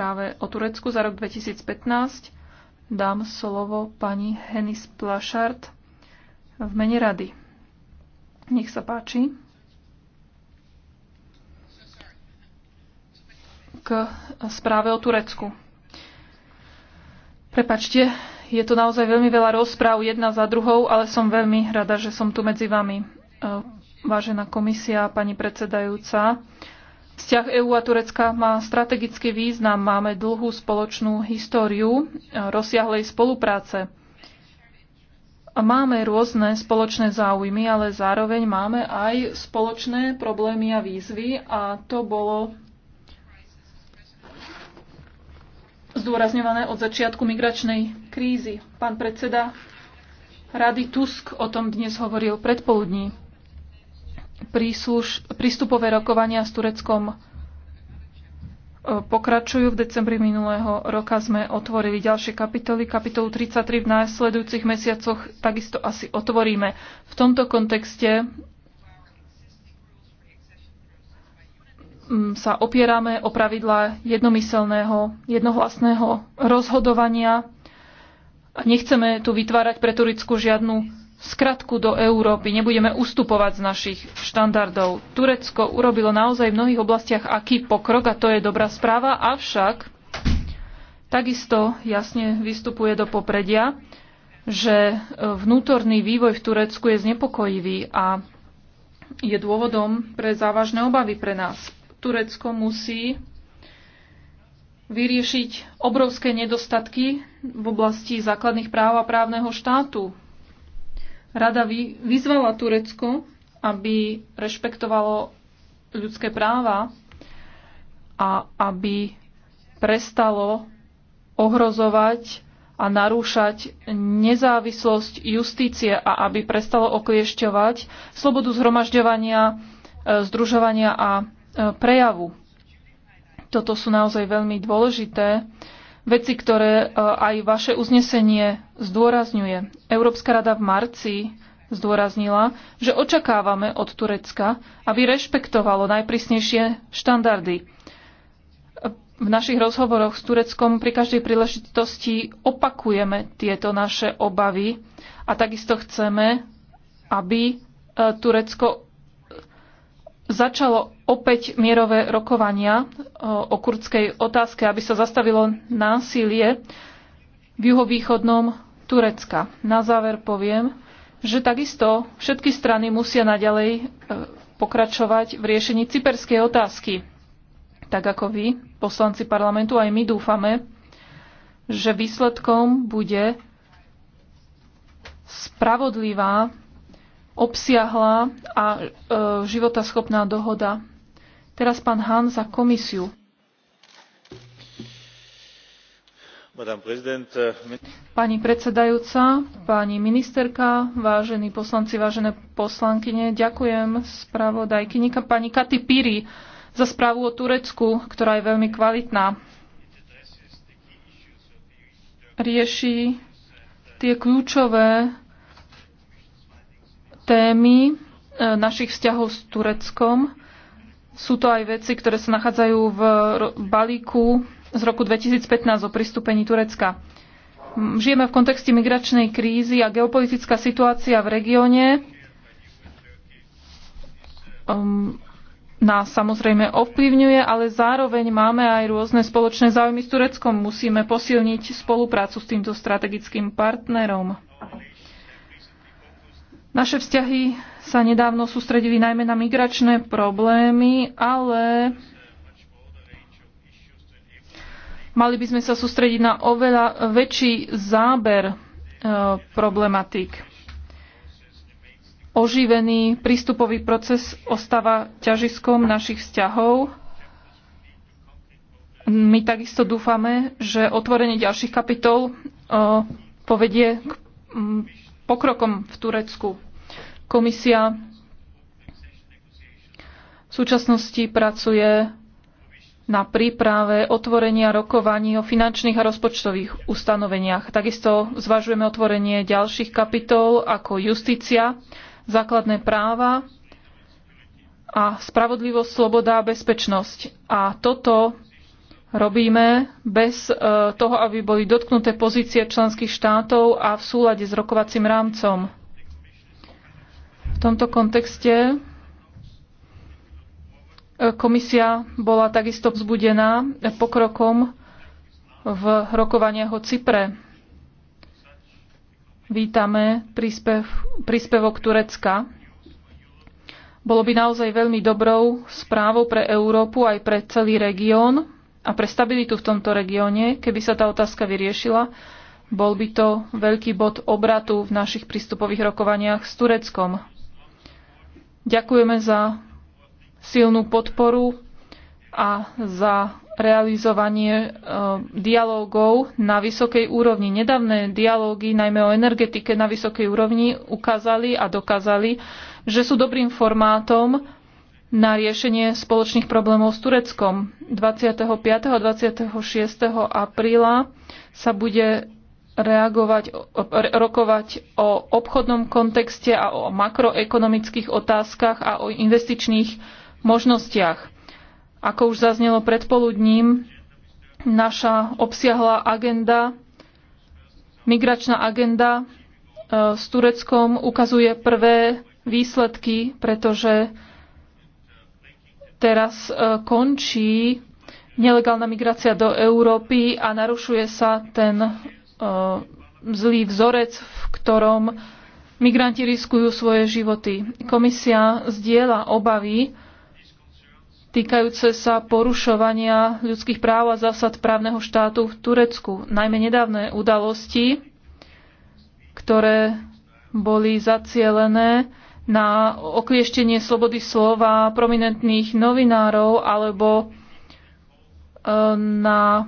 správe o Turecku za rok 2015 dám slovo pani Henis Plašart v mene rady. Nech sa páči. K správe o Turecku. Prepačte, je to naozaj veľmi veľa rozpráv jedna za druhou, ale som veľmi rada, že som tu medzi vami. Vážená komisia, pani predsedajúca, Vzťah EÚ a Turecka má strategický význam. Máme dlhú spoločnú históriu e, rozsiahlej spolupráce. Máme rôzne spoločné záujmy, ale zároveň máme aj spoločné problémy a výzvy a to bolo zdôrazňované od začiatku migračnej krízy. Pán predseda Rady Tusk o tom dnes hovoril predpoludní prísluš, prístupové rokovania s Tureckom e, pokračujú. V decembri minulého roka sme otvorili ďalšie kapitoly. Kapitolu 33 v následujúcich mesiacoch takisto asi otvoríme. V tomto kontexte mm, sa opierame o pravidlá jednomyselného, jednohlasného rozhodovania. A nechceme tu vytvárať pre Turecku žiadnu skratku do Európy, nebudeme ustupovať z našich štandardov. Turecko urobilo naozaj v mnohých oblastiach aký pokrok a to je dobrá správa, avšak takisto jasne vystupuje do popredia, že vnútorný vývoj v Turecku je znepokojivý a je dôvodom pre závažné obavy pre nás. Turecko musí vyriešiť obrovské nedostatky v oblasti základných práv a právneho štátu Rada vyzvala Turecko, aby rešpektovalo ľudské práva a aby prestalo ohrozovať a narúšať nezávislosť justície a aby prestalo okliešťovať slobodu zhromažďovania, e, združovania a e, prejavu. Toto sú naozaj veľmi dôležité veci, ktoré e, aj vaše uznesenie zdôrazňuje. Európska rada v marci zdôraznila, že očakávame od Turecka, aby rešpektovalo najprísnejšie štandardy. V našich rozhovoroch s Tureckom pri každej príležitosti opakujeme tieto naše obavy a takisto chceme, aby e, Turecko začalo opäť mierové rokovania e, o kurdskej otázke, aby sa zastavilo násilie v juhovýchodnom Turecka. Na záver poviem, že takisto všetky strany musia naďalej e, pokračovať v riešení cyperskej otázky. Tak ako vy, poslanci parlamentu, aj my dúfame, že výsledkom bude spravodlivá obsiahla a e, životaschopná dohoda. Teraz pán Han za komisiu. E, pani predsedajúca, pani ministerka, vážení poslanci, vážené poslankyne, ďakujem spravodajkyni pani Katy Piri za správu o Turecku, ktorá je veľmi kvalitná. Rieši tie kľúčové témy e, našich vzťahov s Tureckom. Sú to aj veci, ktoré sa nachádzajú v balíku z roku 2015 o pristúpení Turecka. Žijeme v kontexte migračnej krízy a geopolitická situácia v regióne um, nás samozrejme ovplyvňuje, ale zároveň máme aj rôzne spoločné záujmy s Tureckom. Musíme posilniť spoluprácu s týmto strategickým partnerom. Naše vzťahy sa nedávno sústredili najmä na migračné problémy, ale mali by sme sa sústrediť na oveľa väčší záber e, problematik. Oživený prístupový proces ostáva ťažiskom našich vzťahov. My takisto dúfame, že otvorenie ďalších kapitol e, povedie k pokrokom v Turecku. Komisia v súčasnosti pracuje na príprave otvorenia rokovaní o finančných a rozpočtových ustanoveniach. Takisto zvažujeme otvorenie ďalších kapitol ako justícia, základné práva a spravodlivosť, sloboda a bezpečnosť. A toto robíme bez e, toho, aby boli dotknuté pozície členských štátov a v súlade s rokovacím rámcom. V tomto kontexte e, komisia bola takisto vzbudená pokrokom v rokovaniach o Cypre. Vítame príspev, príspevok Turecka. Bolo by naozaj veľmi dobrou správou pre Európu aj pre celý región, a pre stabilitu v tomto regióne, keby sa tá otázka vyriešila, bol by to veľký bod obratu v našich prístupových rokovaniach s Tureckom. Ďakujeme za silnú podporu a za realizovanie e, dialógov na vysokej úrovni. Nedávne dialógy, najmä o energetike na vysokej úrovni, ukázali a dokázali, že sú dobrým formátom na riešenie spoločných problémov s Tureckom. 25. a 26. apríla sa bude reagovať, e, rokovať o obchodnom kontexte a o makroekonomických otázkach a o investičných možnostiach. Ako už zaznelo predpoludním, naša obsiahla agenda, migračná agenda e, s Tureckom ukazuje prvé výsledky, pretože teraz e, končí nelegálna migrácia do Európy a narušuje sa ten e, zlý vzorec, v ktorom migranti riskujú svoje životy. Komisia zdieľa obavy týkajúce sa porušovania ľudských práv a zásad právneho štátu v Turecku. Najmä nedávne udalosti, ktoré boli zacielené na oklieštenie slobody slova prominentných novinárov alebo e, na e,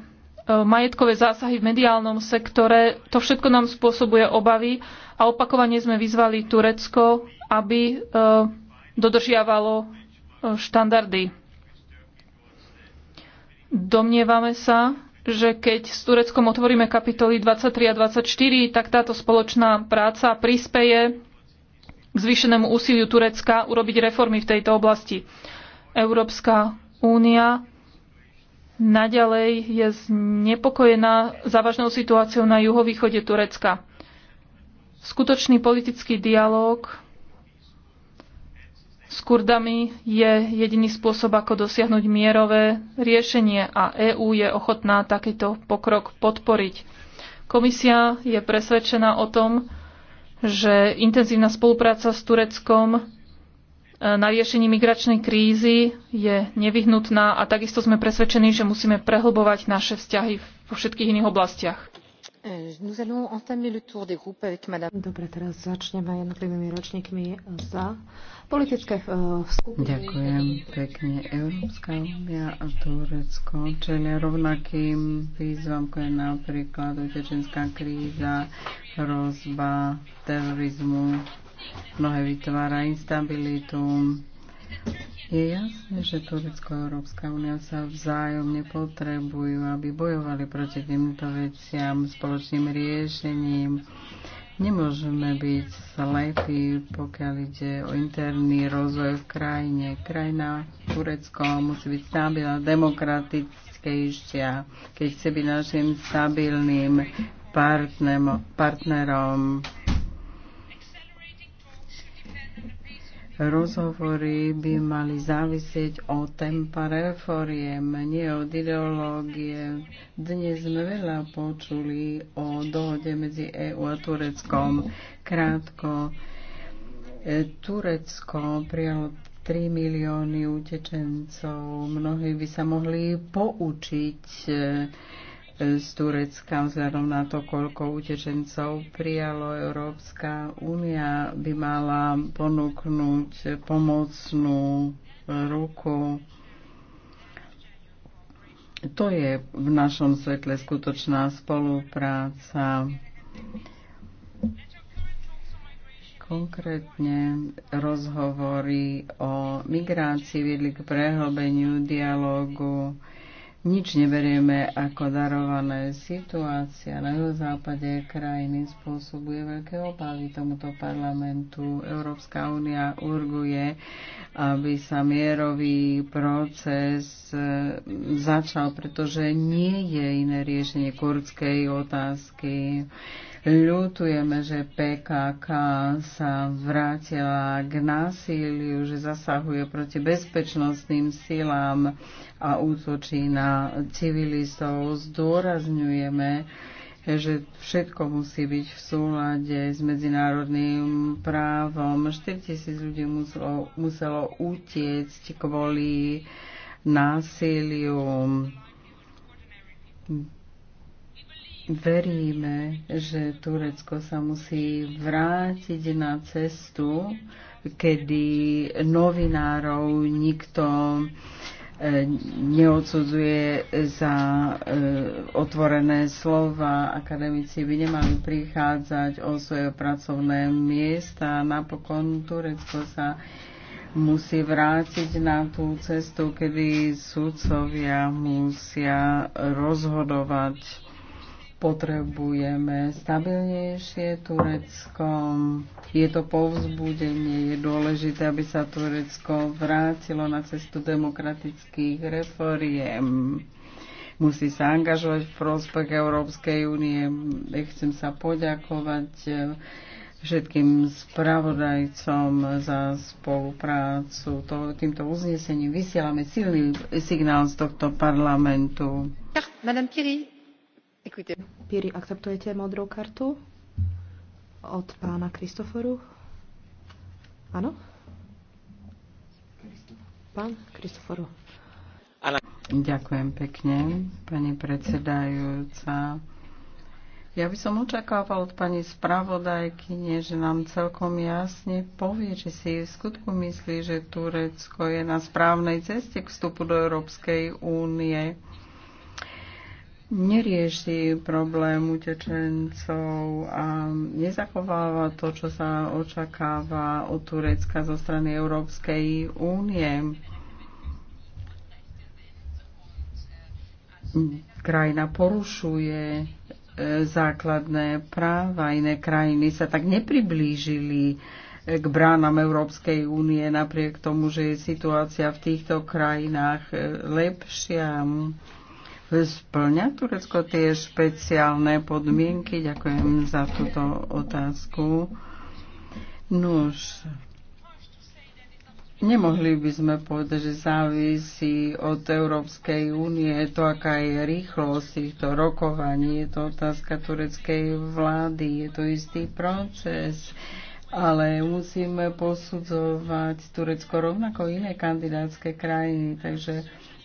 majetkové zásahy v mediálnom sektore. To všetko nám spôsobuje obavy a opakovane sme vyzvali Turecko, aby e, dodržiavalo štandardy. Domnievame sa, že keď s Tureckom otvoríme kapitoly 23 a 24, tak táto spoločná práca prispeje k zvýšenému úsiliu Turecka urobiť reformy v tejto oblasti. Európska únia naďalej je znepokojená závažnou situáciou na juhovýchode Turecka. Skutočný politický dialog s Kurdami je jediný spôsob, ako dosiahnuť mierové riešenie a EÚ je ochotná takýto pokrok podporiť. Komisia je presvedčená o tom, že intenzívna spolupráca s Tureckom e, na riešení migračnej krízy je nevyhnutná a takisto sme presvedčení, že musíme prehlbovať naše vzťahy vo všetkých iných oblastiach. Dobre, teraz začneme jednotlivými ročníkmi za politické uh, skupiny. Ďakujem pekne. Európska únia a Turecko čelia rovnakým výzvam, ako je napríklad utečenská kríza, hrozba terorizmu. Mnohé vytvára instabilitu. Je jasné, že Turecko a Európska únia sa vzájomne potrebujú, aby bojovali proti týmto veciam spoločným riešením Nemôžeme byť slepí, pokiaľ ide o interný rozvoj v krajine. Krajina Turecko musí byť stabilná, demokratickejšia, keď chce byť našim stabilným partnerom. partnerom rozhovory by mali závisieť o tempa reforiem, nie od ideológie. Dnes sme veľa počuli o dohode medzi EU a Tureckom. Krátko, e, Turecko prijalo 3 milióny utečencov. Mnohí by sa mohli poučiť e, z Turecka vzhľadom na to, koľko utečencov prijalo. Európska únia by mala ponúknuť pomocnú ruku. To je v našom svetle skutočná spolupráca. Konkrétne rozhovory o migrácii viedli k prehlbeniu dialogu nič neberieme ako darované. Situácia na západe krajiny spôsobuje veľké obavy tomuto parlamentu. Európska únia urguje, aby sa mierový proces e, začal, pretože nie je iné riešenie kurdskej otázky. Ľutujeme, že PKK sa vrátila k násiliu, že zasahuje proti bezpečnostným silám a útočí na civilistov. Zdôrazňujeme, že všetko musí byť v súlade s medzinárodným právom. 4000 ľudí muselo, muselo utiecť kvôli násiliu. Veríme, že Turecko sa musí vrátiť na cestu, kedy novinárov nikto e, neodsudzuje za e, otvorené slova. Akademici by nemali prichádzať o svoje pracovné miesta. Napokon Turecko sa musí vrátiť na tú cestu, kedy sudcovia musia rozhodovať potrebujeme stabilnejšie Turecko. Je to povzbudenie, je dôležité, aby sa Turecko vrátilo na cestu demokratických reforiem. Musí sa angažovať v prospech Európskej únie. Chcem sa poďakovať eh, všetkým spravodajcom za spoluprácu. To, týmto uznesením vysielame silný signál z tohto parlamentu. Madame Piri, akceptujete modrú kartu od pána Kristoforu? Áno? Pán Kristoforu. Ďakujem pekne, pani predsedajúca. Ja by som očakával od pani nie, že nám celkom jasne povie, že si v skutku myslí, že Turecko je na správnej ceste k vstupu do Európskej únie nerieši problém utečencov a nezachováva to, čo sa očakáva od Turecka zo strany Európskej únie. Krajina porušuje e, základné práva. Iné krajiny sa tak nepriblížili e, k bránam Európskej únie, napriek tomu, že je situácia v týchto krajinách e, lepšia. Splňa Turecko tie špeciálne podmienky? Ďakujem za túto otázku. Nuž, Nemohli by sme povedať, že závisí od Európskej únie to, aká je rýchlosť týchto rokovaní. Je to otázka tureckej vlády, je to istý proces, ale musíme posudzovať Turecko rovnako iné kandidátske krajiny. Takže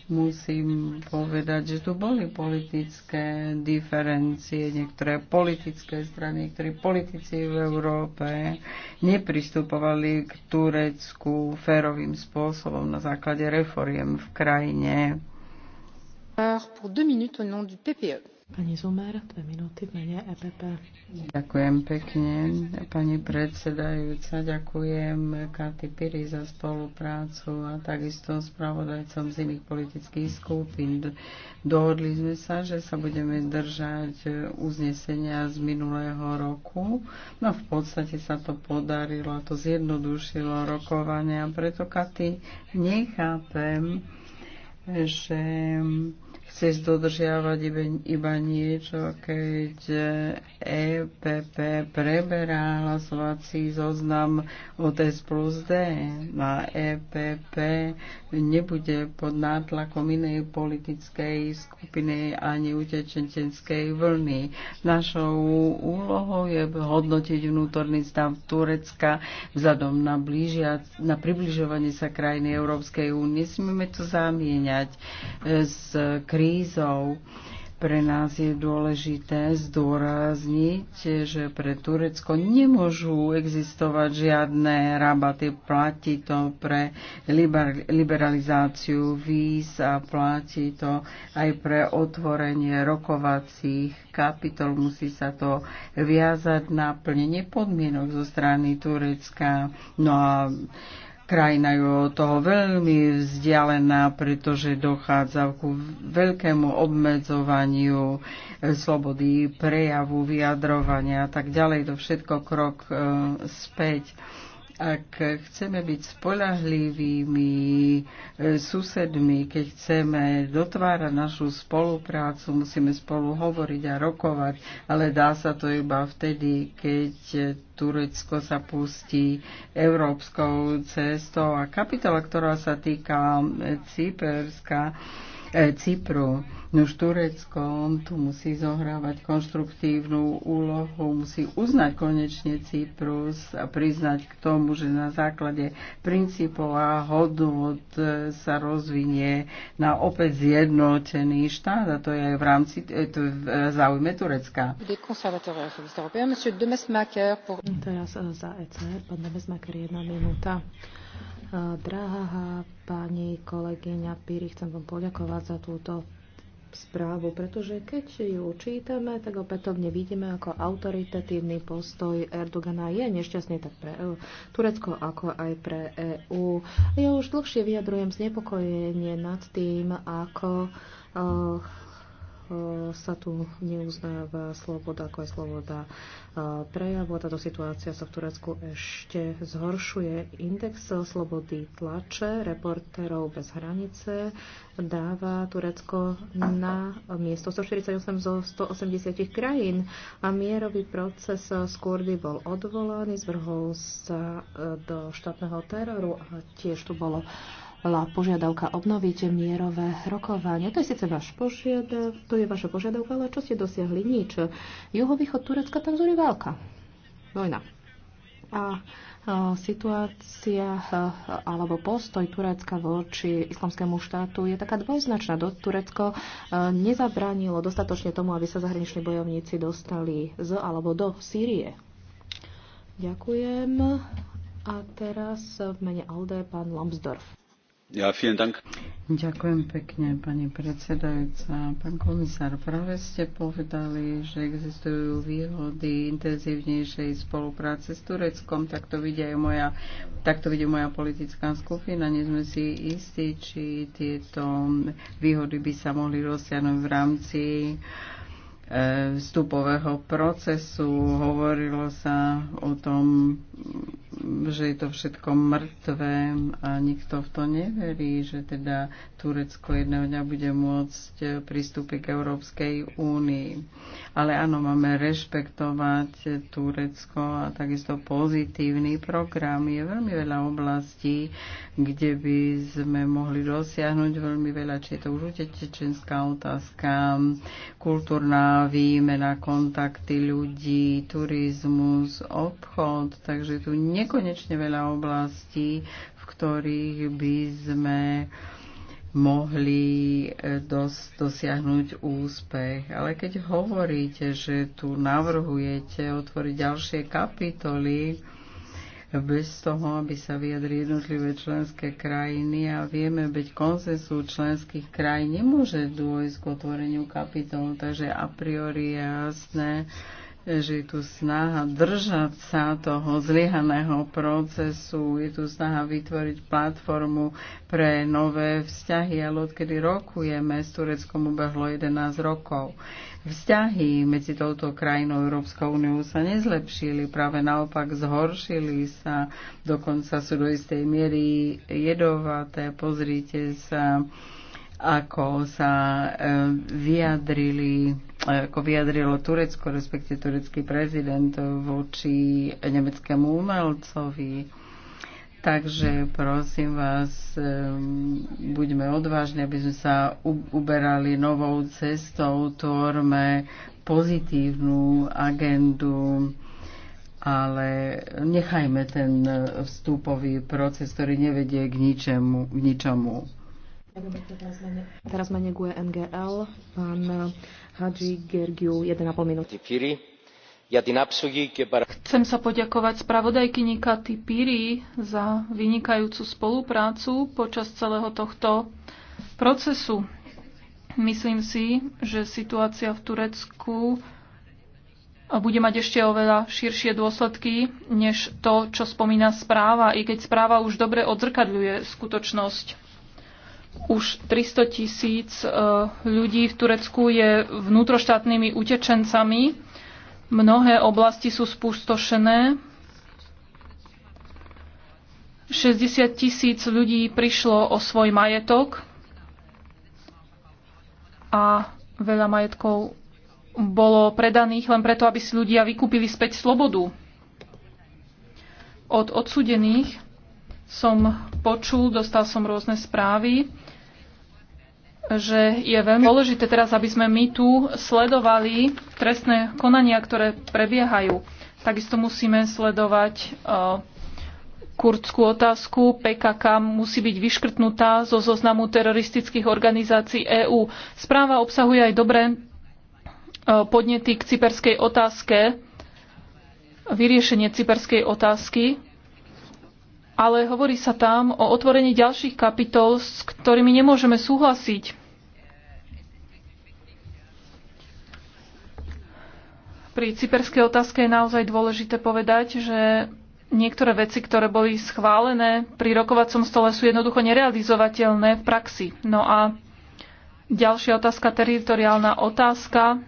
musím povedať, že tu boli politické diferencie, niektoré politické strany, niektorí politici v Európe nepristupovali k Turecku férovým spôsobom na základe reforiem v krajine. Pour deux minutes au nom du PPE. Pani Zumer, dve minúty v mene EPP. Ďakujem pekne, pani predsedajúca. Ďakujem Katy Piri za spoluprácu a takisto spravodajcom z iných politických skupín. Dohodli sme sa, že sa budeme držať uznesenia z minulého roku. No v podstate sa to podarilo to zjednodušilo rokovania. Preto Katy nechápem, že chceš dodržiavať iba niečo, keď EPP e preberá hlasovací zoznam S plus D a EPP nebude pod nátlakom inej politickej skupiny ani utečenčenskej vlny. Našou úlohou je hodnotiť vnútorný stav Turecka vzhľadom na, blížia, na približovanie sa krajiny Európskej únie. Nesmieme to zamieňať e, s krízou krízou. Pre nás je dôležité zdôrazniť, že pre Turecko nemôžu existovať žiadne rabaty. Platí to pre liberalizáciu víz a platí to aj pre otvorenie rokovacích kapitol. Musí sa to viazať na plnenie podmienok zo strany Turecka. No a Krajina je od toho veľmi vzdialená, pretože dochádza ku veľkému obmedzovaniu e, slobody prejavu, vyjadrovania a tak ďalej. To všetko krok e, späť. Ak chceme byť spolahlivými e, susedmi, keď chceme dotvárať našu spoluprácu, musíme spolu hovoriť a rokovať, ale dá sa to iba vtedy, keď Turecko sa pustí európskou cestou a kapitola, ktorá sa týka e, Cyperska, e, Cypru už Turecko tu musí zohrávať konštruktívnu úlohu, musí uznať konečne Cyprus a priznať k tomu, že na základe princípov a hodnot e, sa rozvinie na opäť zjednotený štát a to je aj v rámci e, to v e, záujme Turecka. Teraz za EC, pán Demesmaker, jedna minúta. Drahá pani kolegyňa Píri, chcem vám poďakovať za túto správu, pretože keď ju čítame, tak opätovne vidíme, ako autoritatívny postoj Erdogana je nešťastný tak pre eh, Turecko, ako aj pre EÚ. Ja už dlhšie vyjadrujem znepokojenie nad tým, ako eh, Eh, sa tu neuznáva sloboda, ako aj sloboda eh, prejavu. Táto situácia sa v Turecku ešte zhoršuje. Index slobody tlače reportérov bez hranice dáva Turecko na miesto 148 zo 180 krajín a mierový proces s Kurdy bol odvolaný, zvrhol sa eh, do štátneho teroru a tiež tu bolo požiadavka obnoviť mierové rokovanie. To je síce váš požiadav, to je vaša požiadavka, ale čo ste dosiahli? Nič. Juhovýchod Turecka tam zúri válka. Vojna. A situácia alebo postoj Turecka voči islamskému štátu je taká dvojznačná. Do Turecko nezabránilo dostatočne tomu, aby sa zahraniční bojovníci dostali z alebo do Sýrie. Ďakujem. A teraz v mene Alde pán Lambsdorff. Ja, dank. Ďakujem pekne, pani predsedajúca. Pán komisár, práve ste povedali, že existujú výhody intenzívnejšej spolupráce s Tureckom. Tak to vidí aj moja, tak to vidí moja politická skupina. Nie sme si istí, či tieto výhody by sa mohli rozsiahnuť v rámci uh, vstupového procesu. Hovorilo sa o tom, že je to všetko mŕtve a nikto v to neverí, že teda Turecko jedného dňa bude môcť pristúpiť k Európskej únii. Ale áno, máme rešpektovať Turecko a takisto pozitívny program. Je veľmi veľa oblastí, kde by sme mohli dosiahnuť veľmi veľa, či je to už utečenská otázka, kultúrna výmena, kontakty ľudí, turizmus, obchod, takže tu nekonečne veľa oblastí, v ktorých by sme mohli e, dos- dosiahnuť úspech. Ale keď hovoríte, že tu navrhujete otvoriť ďalšie kapitoly, bez toho, aby sa vyjadri jednotlivé členské krajiny a vieme byť konsensu členských krajín, nemôže dôjsť k otvoreniu kapitolu, takže a priori je jasné, že je tu snaha držať sa toho zlyhaného procesu, je tu snaha vytvoriť platformu pre nové vzťahy, ale odkedy rokujeme s Tureckom ubehlo 11 rokov. Vzťahy medzi touto krajinou Európskou úniou sa nezlepšili, práve naopak zhoršili sa, dokonca sú do istej miery jedovaté. Pozrite sa, ako sa e, vyjadrili e, ako vyjadrilo Turecko, respektive turecký prezident voči nemeckému umelcovi. Takže prosím vás, e, buďme odvážni, aby sme sa uberali novou cestou, tvorme pozitívnu agendu, ale nechajme ten vstupový proces, ktorý nevedie k ničemu. K ničomu. Teraz mene neguje NGL, pán Hadži Gergiu, 1,5 minúty. Chcem sa poďakovať spravodajkyni Katy Piri za vynikajúcu spoluprácu počas celého tohto procesu. Myslím si, že situácia v Turecku bude mať ešte oveľa širšie dôsledky, než to, čo spomína správa, i keď správa už dobre odzrkadľuje skutočnosť. Už 300 tisíc e, ľudí v Turecku je vnútroštátnymi utečencami. Mnohé oblasti sú spustošené. 60 tisíc ľudí prišlo o svoj majetok a veľa majetkov bolo predaných len preto, aby si ľudia vykúpili späť slobodu. Od odsudených som počul, dostal som rôzne správy, že je veľmi dôležité teraz, aby sme my tu sledovali trestné konania, ktoré prebiehajú. Takisto musíme sledovať e, kurdskú otázku. PKK musí byť vyškrtnutá zo zoznamu teroristických organizácií EÚ. Správa obsahuje aj dobré e, podnety k cyperskej otázke, vyriešenie cyperskej otázky ale hovorí sa tam o otvorení ďalších kapitol, s ktorými nemôžeme súhlasiť. Pri cyperskej otázke je naozaj dôležité povedať, že niektoré veci, ktoré boli schválené pri rokovacom stole, sú jednoducho nerealizovateľné v praxi. No a ďalšia otázka, teritoriálna otázka.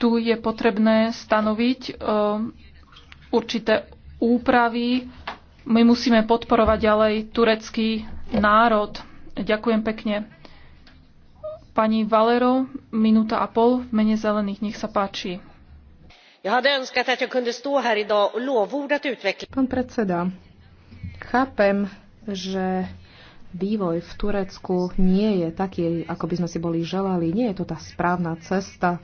Tu je potrebné stanoviť eh, určité úpravy. My musíme podporovať ďalej turecký národ. Ďakujem pekne. Pani Valero, minúta a pol v mene zelených, nech sa páči. Pán predseda, chápem, že vývoj v Turecku nie je taký, ako by sme si boli želali. Nie je to tá správna cesta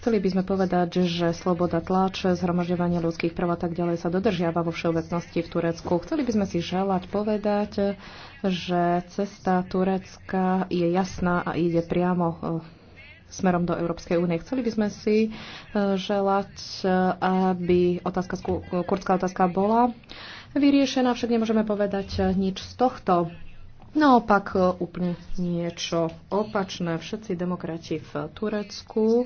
Chceli by sme povedať, že sloboda tlače, zhromažďovanie ľudských práv a tak ďalej sa dodržiava vo všeobecnosti v Turecku. Chceli by sme si želať povedať, že cesta Turecka je jasná a ide priamo e, smerom do Európskej únie. Chceli by sme si e, želať, e, aby otázka, kurdská otázka bola vyriešená, však nemôžeme povedať nič z tohto. Naopak no, úplne niečo opačné. Všetci demokrati v Turecku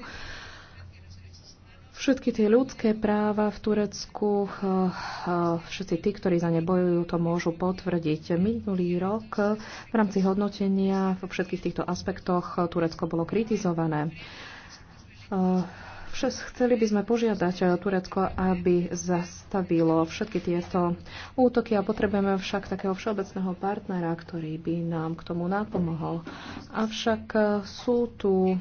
Všetky tie ľudské práva v Turecku, eh, eh, všetci tí, ktorí za ne bojujú, to môžu potvrdiť. Minulý rok v rámci hodnotenia vo všetkých týchto aspektoch Turecko bolo kritizované. Eh, však chceli by sme požiadať Turecko, aby zastavilo všetky tieto útoky a potrebujeme však takého všeobecného partnera, ktorý by nám k tomu napomohol. Avšak sú tu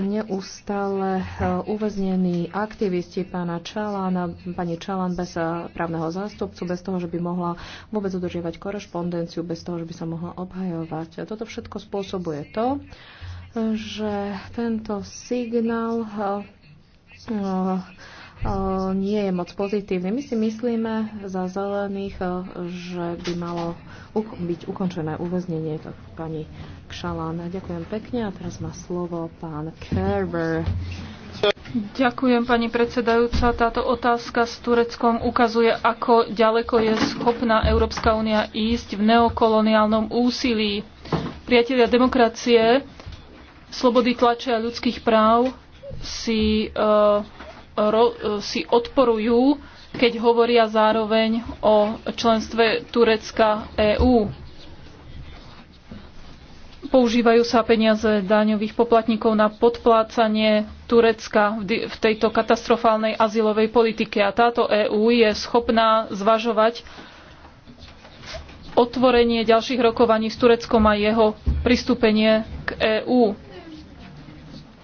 neustále eh, uväznení aktivisti pána Čalána, pani Čalan bez eh, právneho zástupcu, bez toho, že by mohla vôbec udržiavať korešpondenciu, bez toho, že by sa mohla obhajovať. A toto všetko spôsobuje to, eh, že tento signál nie je moc pozitívny. My si myslíme za zelených, že by malo byť ukončené uväznenie to pani Kšalán. Ďakujem pekne a teraz má slovo pán Kerber. Ďakujem, pani predsedajúca. Táto otázka s Tureckom ukazuje, ako ďaleko je schopná Európska únia ísť v neokoloniálnom úsilí. Priatelia demokracie, slobody tlače a ľudských práv si uh, si odporujú, keď hovoria zároveň o členstve Turecka EÚ. Používajú sa peniaze daňových poplatníkov na podplácanie Turecka v tejto katastrofálnej azylovej politike. A táto EÚ je schopná zvažovať otvorenie ďalších rokovaní s Tureckom a jeho pristúpenie k EÚ.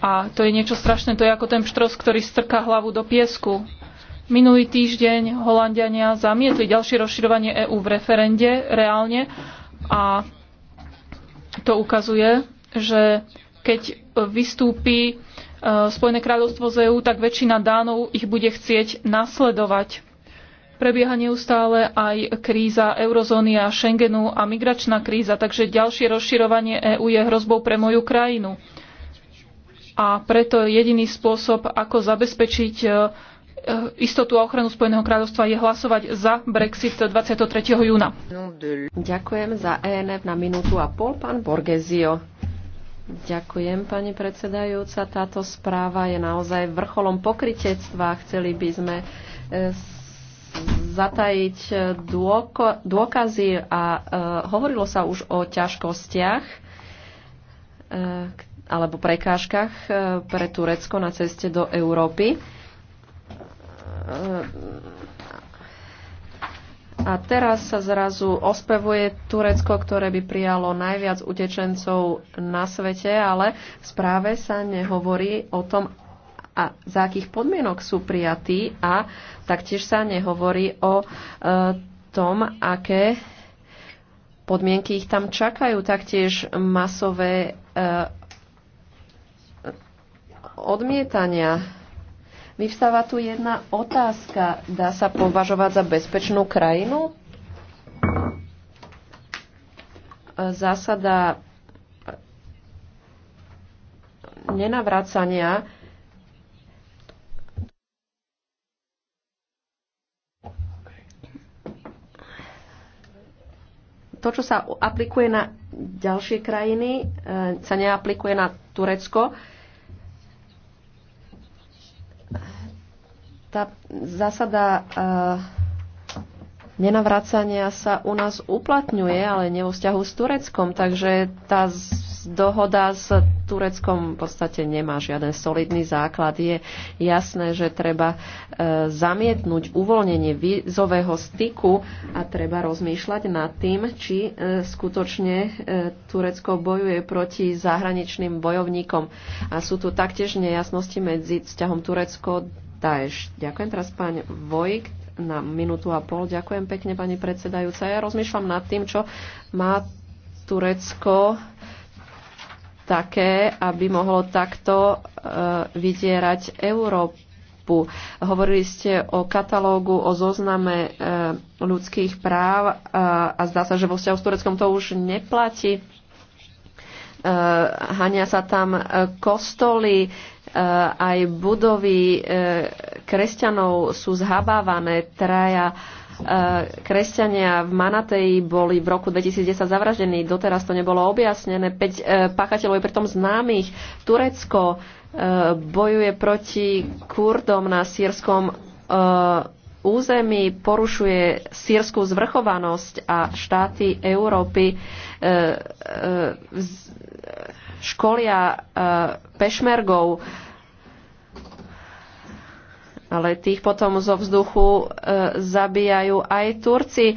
A to je niečo strašné, to je ako ten pštros, ktorý strká hlavu do piesku. Minulý týždeň Holandiania zamietli ďalšie rozširovanie EÚ v referende reálne a to ukazuje, že keď vystúpi e, Spojené kráľovstvo z EÚ, tak väčšina Dánov ich bude chcieť nasledovať. Prebieha neustále aj kríza eurozóny a Schengenu a migračná kríza, takže ďalšie rozširovanie EÚ je hrozbou pre moju krajinu a preto jediný spôsob, ako zabezpečiť e, e, istotu a ochranu Spojeného kráľovstva je hlasovať za Brexit 23. júna. Ďakujem za ENF na minútu a pol, pán Borgesio. Ďakujem, pani predsedajúca. Táto správa je naozaj vrcholom pokritectva. Chceli by sme e, zatajiť dôkazy a hovorilo sa už o ťažkostiach, alebo prekážkach e, pre Turecko na ceste do Európy. E, a teraz sa zrazu ospevuje Turecko, ktoré by prijalo najviac utečencov na svete, ale v správe sa nehovorí o tom, a za akých podmienok sú prijatí a taktiež sa nehovorí o e, tom, aké podmienky ich tam čakajú. Taktiež masové e, odmietania. Vyvstáva tu jedna otázka. Dá sa považovať za bezpečnú krajinu? Zásada nenavracania to, čo sa aplikuje na ďalšie krajiny, e, sa neaplikuje na Turecko. Tá zásada eh, nenavracania sa u nás uplatňuje, ale ne vo vzťahu s Tureckom, takže tá dohoda s Tureckom v podstate nemá žiaden solidný základ. Je jasné, že treba eh, zamietnúť uvoľnenie vízového styku a treba rozmýšľať nad tým, či eh, skutočne Turecko bojuje proti zahraničným bojovníkom. A sú tu taktiež nejasnosti medzi vzťahom Turecko Daesh. Ďakujem teraz pán Vojk na minútu a pol. Ďakujem pekne, pani predsedajúca. Ja rozmýšľam nad tým, čo má Turecko také, aby mohlo takto e, vydierať Európu. Hovorili ste o katalógu, o zozname e, ľudských práv e, a zdá sa, že vo vzťahu s Tureckom to už neplatí. E, hania sa tam e, kostoly, e, Eh, aj budovy eh, kresťanov sú zhabávané. Traja eh, kresťania v Manateji boli v roku 2010 zavraždení, doteraz to nebolo objasnené. 5 páchateľov je pritom známych. Turecko bojuje proti Kurdom na sírskom území, porušuje sírskú zvrchovanosť a štáty Európy školia e, pešmergov, ale tých potom zo vzduchu e, zabíjajú aj Turci.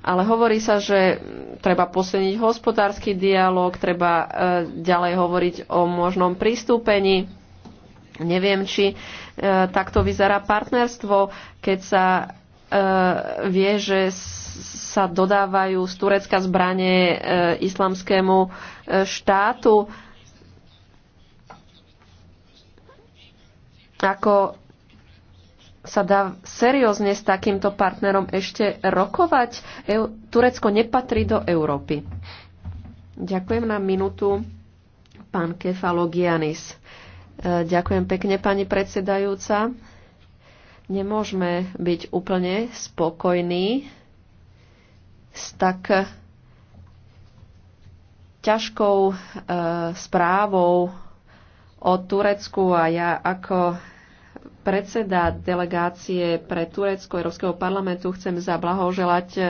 Ale hovorí sa, že treba posilniť hospodársky dialog, treba e, ďalej hovoriť o možnom pristúpení. Neviem, či takto vyzerá partnerstvo, keď sa E, vie, že sa dodávajú z Turecka zbranie e, islamskému e, štátu. Ako sa dá seriózne s takýmto partnerom ešte rokovať? Eu, Turecko nepatrí do Európy. Ďakujem na minútu, pán Kefalogianis. Ďakujem pekne, pani predsedajúca. Nemôžeme byť úplne spokojní s tak ťažkou e, správou o Turecku a ja ako predseda delegácie pre Turecko Európskeho parlamentu chcem zablahoželať e,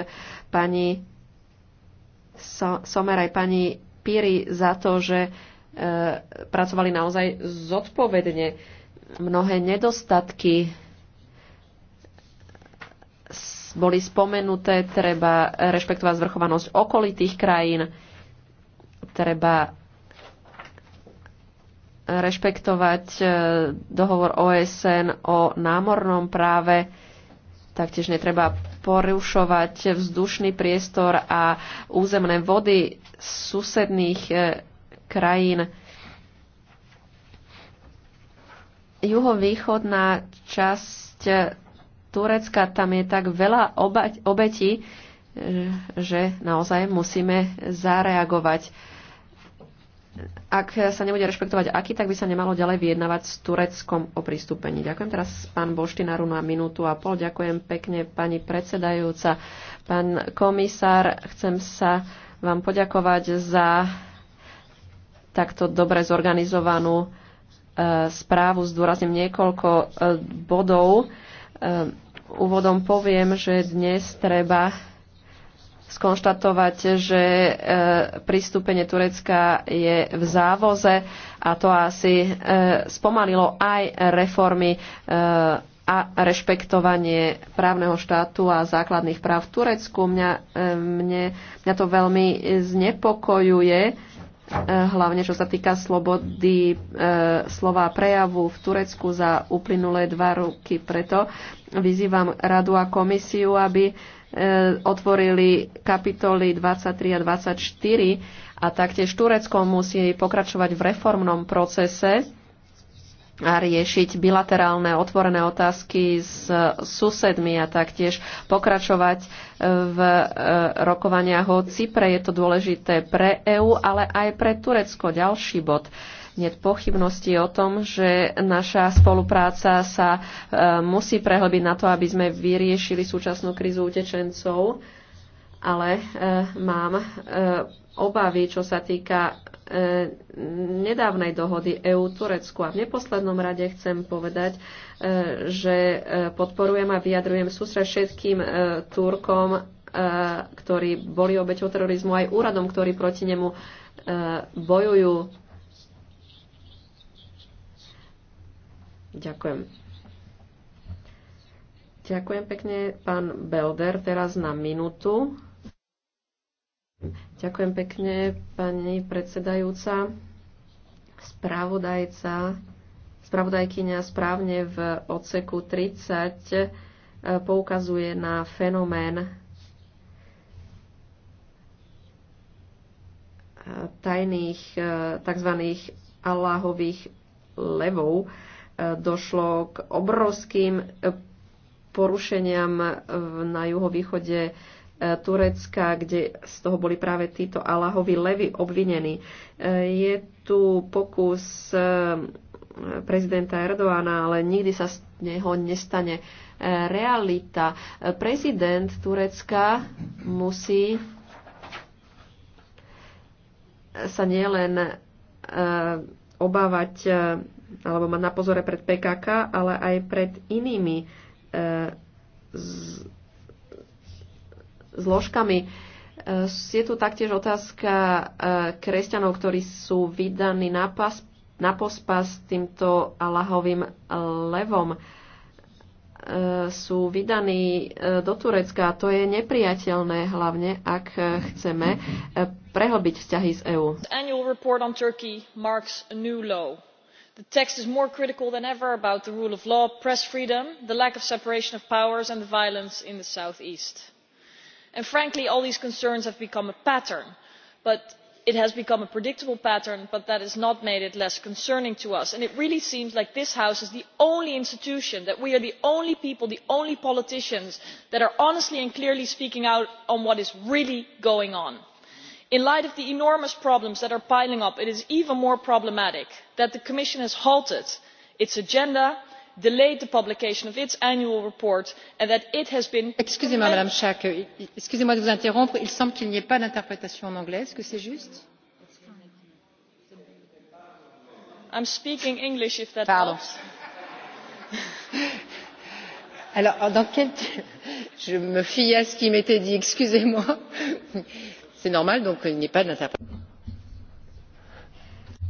pani so- Somer aj pani Piri za to, že e, pracovali naozaj zodpovedne. Mnohé nedostatky boli spomenuté, treba rešpektovať zvrchovanosť okolitých krajín, treba rešpektovať e, dohovor OSN o námornom práve, taktiež netreba porušovať vzdušný priestor a územné vody susedných e, krajín. Juhovýchodná časť Turecka. Tam je tak veľa obetí, e, že naozaj musíme zareagovať. Ak sa nebude rešpektovať aký, tak by sa nemalo ďalej vyjednávať s Tureckom o pristúpení. Ďakujem teraz pán Boštinaru na minútu a pol. Ďakujem pekne pani predsedajúca. Pán komisár, chcem sa vám poďakovať za takto dobre zorganizovanú e, správu. Zdôrazním niekoľko e, bodov Ehm, úvodom poviem, že dnes treba skonštatovať, že ehm, pristúpenie Turecka je v závoze a to asi ehm, spomalilo aj reformy a rešpektovanie právneho štátu a základných práv v Turecku. Mňa, mne, mňa to veľmi znepokojuje E, hlavne čo sa týka slobody e, slova prejavu v Turecku za uplynulé dva roky. Preto vyzývam radu a komisiu, aby e, otvorili kapitoly 23 a 24 a taktiež Turecko musí pokračovať v reformnom procese riešiť bilaterálne otvorené otázky s susedmi a taktiež pokračovať e, v e, rokovaniach o Cypre. Je to dôležité pre EÚ, ale aj pre Turecko. Ďalší bod. Nie pochybnosti o tom, že naša spolupráca sa e, musí prehlbiť na to, aby sme vyriešili súčasnú krízu utečencov ale e, mám e, obavy, čo sa týka e, nedávnej dohody EU-Turecku. A v neposlednom rade chcem povedať, že podporujem a vyjadrujem sústre všetkým Turkom, ktorí boli obeťou terorizmu, aj úradom, ktorí proti nemu bojujú. Ďakujem. Ďakujem pekne, pán Belder, teraz na minútu. Ďakujem pekne, pani predsedajúca. Spravodajca, spravodajkyňa správne v odseku 30 e, poukazuje na fenomén e, tajných e, tzv. Allahových levov. Došlo k obrovským porušeniam na juhovýchode Turecka, kde z toho boli práve títo Allahovi levy obvinení. Je tu pokus eh, prezidenta Erdoána, ale nikdy sa z neho nestane eh, realita. Prezident Turecka musí sa nielen eh, obávať alebo mať na pozore pred PKK, ale aj pred inými zložkami. E, je tu taktiež otázka e, kresťanov, ktorí sú vydaní na, pas, na pospas týmto Allahovým e, levom. Sú vydaní do Turecka a to je nepriateľné, hlavne ak chceme prehlbiť vzťahy z EÚ. The text is more critical than ever about the rule of law, press freedom, the lack of separation of powers and the violence in the southeast and frankly all these concerns have become a pattern it has become a predictable pattern but that has not made it less concerning to us and it really seems like this house is the only institution that we are the only people the only politicians that are honestly and clearly speaking out on what is really going on. in light of the enormous problems that are piling up it is even more problematic that the commission has halted its agenda delayed the publication of its annual report and that it has been. excusez moi madame schaake excusez moi de vous interrompre il semble qu'il n'y ait pas d'interprétation en anglais est ce que c'est juste? i'm speaking english if that helps. alors dans quel je me fie à ce qui m'était dit excusez moi c'est normal donc il n'y ait pas d'interprétation.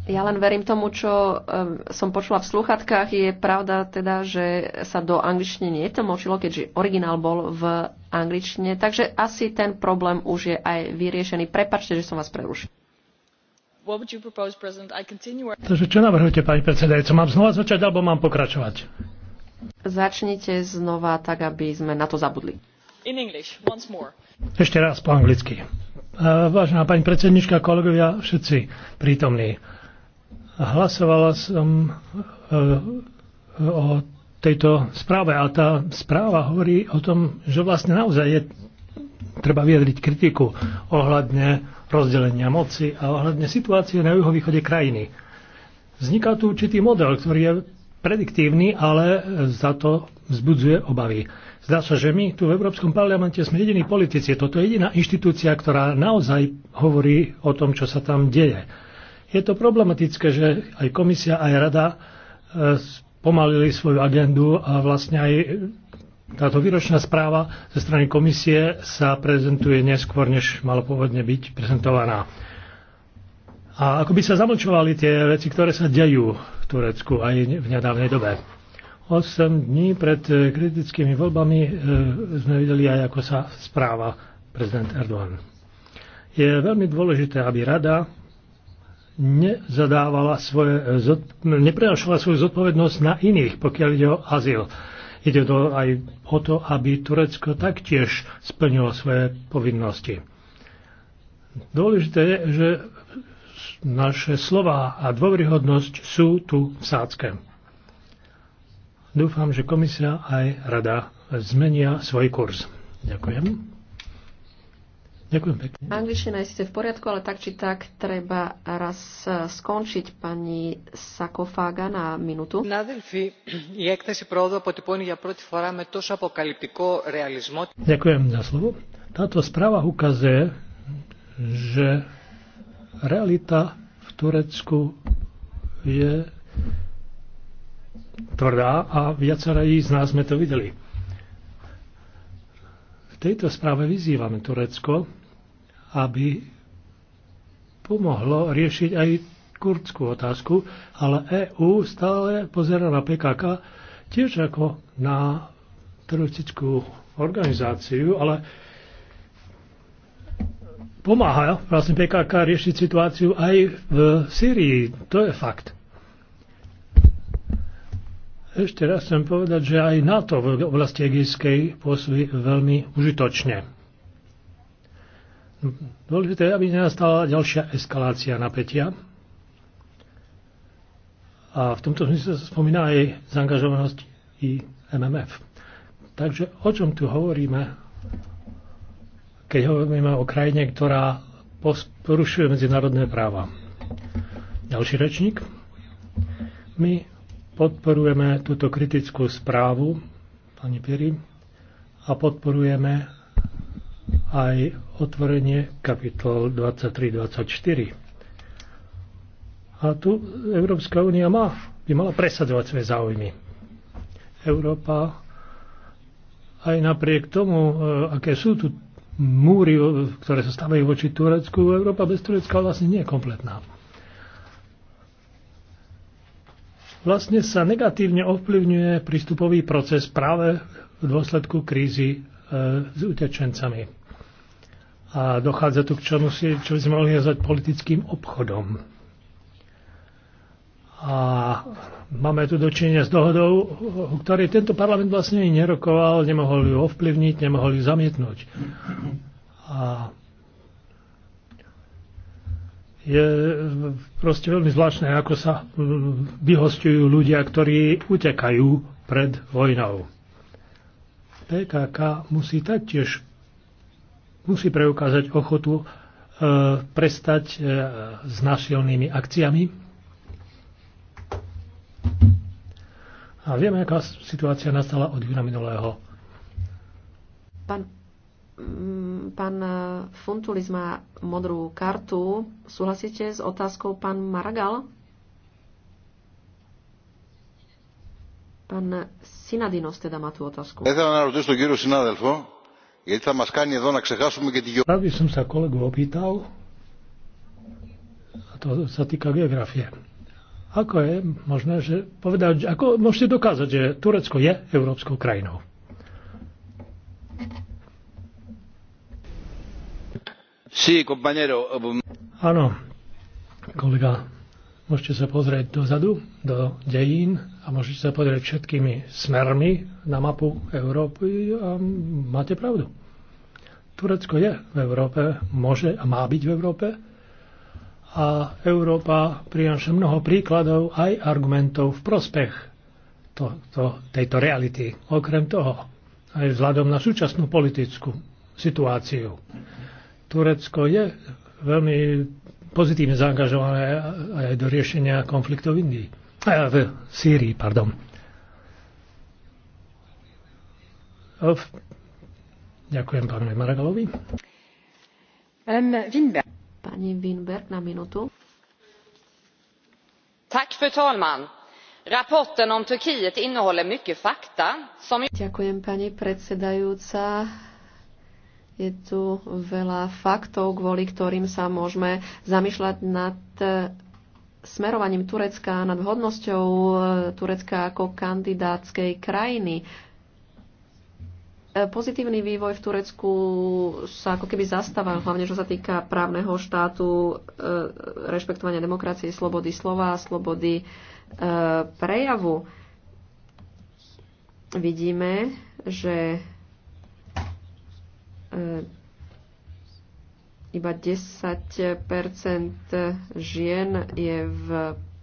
Ja len verím tomu, čo som počula v sluchatkách. Je pravda teda, že sa do angličtiny netlmočilo, keďže originál bol v angličtine. Takže asi ten problém už je aj vyriešený. Prepačte, že som vás prerušil. Takže čo navrhujete, pani predsedajúca? Mám znova začať, alebo mám pokračovať? Začnite znova, tak aby sme na to zabudli. In English, once more. Ešte raz po anglicky. Eh, vážená pani predsednička, kolegovia, všetci prítomní. Hlasovala som e, o tejto správe a tá správa hovorí o tom, že vlastne naozaj je treba vyjadriť kritiku ohľadne rozdelenia moci a ohľadne situácie na juhovýchode krajiny. Vzniká tu určitý model, ktorý je prediktívny, ale za to vzbudzuje obavy. Zdá sa, že my tu v Európskom parlamente sme jediní politici. Toto je jediná inštitúcia, ktorá naozaj hovorí o tom, čo sa tam deje. Je to problematické, že aj komisia, aj rada e, pomalili svoju agendu a vlastne aj táto výročná správa ze strany komisie sa prezentuje neskôr, než malo pôvodne byť prezentovaná. A ako by sa zamlčovali tie veci, ktoré sa dejú v Turecku aj v nedávnej dobe. 8 dní pred e, kritickými voľbami e, sme videli aj, ako sa správa prezident Erdogan. Je veľmi dôležité, aby rada nezadávala svoje, e, neprenašala svoju zodpovednosť na iných, pokiaľ ide o azyl. Ide to aj o to, aby Turecko taktiež splnilo svoje povinnosti. Dôležité je, že naše slova a dôveryhodnosť sú tu v sádzke. Dúfam, že komisia aj rada zmenia svoj kurz. Ďakujem. Ďakujem pekne. Angličtina je síce v poriadku, ale tak či tak treba raz e, skončiť pani Sakofága na minútu. Ďakujem za slovo. Táto správa ukazuje, že realita v Turecku je tvrdá a viacera z nás sme to videli. V tejto správe vyzývame Turecko, aby pomohlo riešiť aj kurdskú otázku, ale EÚ stále pozera na PKK tiež ako na teroristickú organizáciu, ale pomáha vlastne PKK riešiť situáciu aj v Sýrii. To je fakt. Ešte raz chcem povedať, že aj NATO v oblasti egejskej pôsobí veľmi užitočne. Dôležité je, aby nenastala ďalšia eskalácia napätia. A v tomto smysle sa spomína aj zaangažovanosť i MMF. Takže o čom tu hovoríme, keď hovoríme o krajine, ktorá porušuje medzinárodné práva? Ďalší rečník. My podporujeme túto kritickú správu pani Piri a podporujeme aj otvorenie kapitol 23-24. A tu Európska únia má, by mala presadzovať svoje záujmy. Európa aj napriek tomu, e, aké sú tu múry, e, ktoré sa stavajú voči Turecku, Európa bez Turecka vlastne nie je kompletná. Vlastne sa negatívne ovplyvňuje prístupový proces práve v dôsledku krízy e, s utečencami a dochádza tu k čomu, čo by sme mohli nazvať politickým obchodom. A máme tu dočinenia s dohodou, o ktorej tento parlament vlastne ani nerokoval, nemohol ju ovplyvniť, nemohol ju zamietnúť. A je proste veľmi zvláštne, ako sa vyhostujú ľudia, ktorí utekajú pred vojnou. PKK musí taktiež musí preukázať ochotu e, prestať e, s násilnými akciami. A vieme, aká situácia nastala od júna minulého. Pán, mm, pán e, Funtulis má modrú kartu. Súhlasíte s otázkou pán Maragal? Pán Sinadinos teda má tú otázku. Ja Rád by som sa kolegu opýtal, a to sa týka geografie. Ako je možné, že povedať, ako môžete dokázať, že Turecko je európskou krajinou? Sí, compañero. Áno, kolega, Môžete sa pozrieť dozadu, do dejín a môžete sa pozrieť všetkými smermi na mapu Európy a máte pravdu. Turecko je v Európe, môže a má byť v Európe a Európa prináša mnoho príkladov aj argumentov v prospech to, to, tejto reality. Okrem toho, aj vzhľadom na súčasnú politickú situáciu. Turecko je veľmi pozitívne zaangažované aj do riešenia konfliktov v Indii. A v Sýrii, pardon. Ďakujem pánovi Maragalovi. Pani Winberg na minútu. Tak, fru talman. Rapporten om Turkiet innehåller mycket fakta som... Ďakujem, pani predsedajúca je tu veľa faktov, kvôli ktorým sa môžeme zamýšľať nad e, smerovaním Turecka, nad vhodnosťou e, Turecka ako kandidátskej krajiny. E, pozitívny vývoj v Turecku sa ako keby zastával, hlavne čo sa týka právneho štátu, rešpektovania demokracie, slobody slova, slobody prejavu. Vidíme, že E, iba 10 žien je v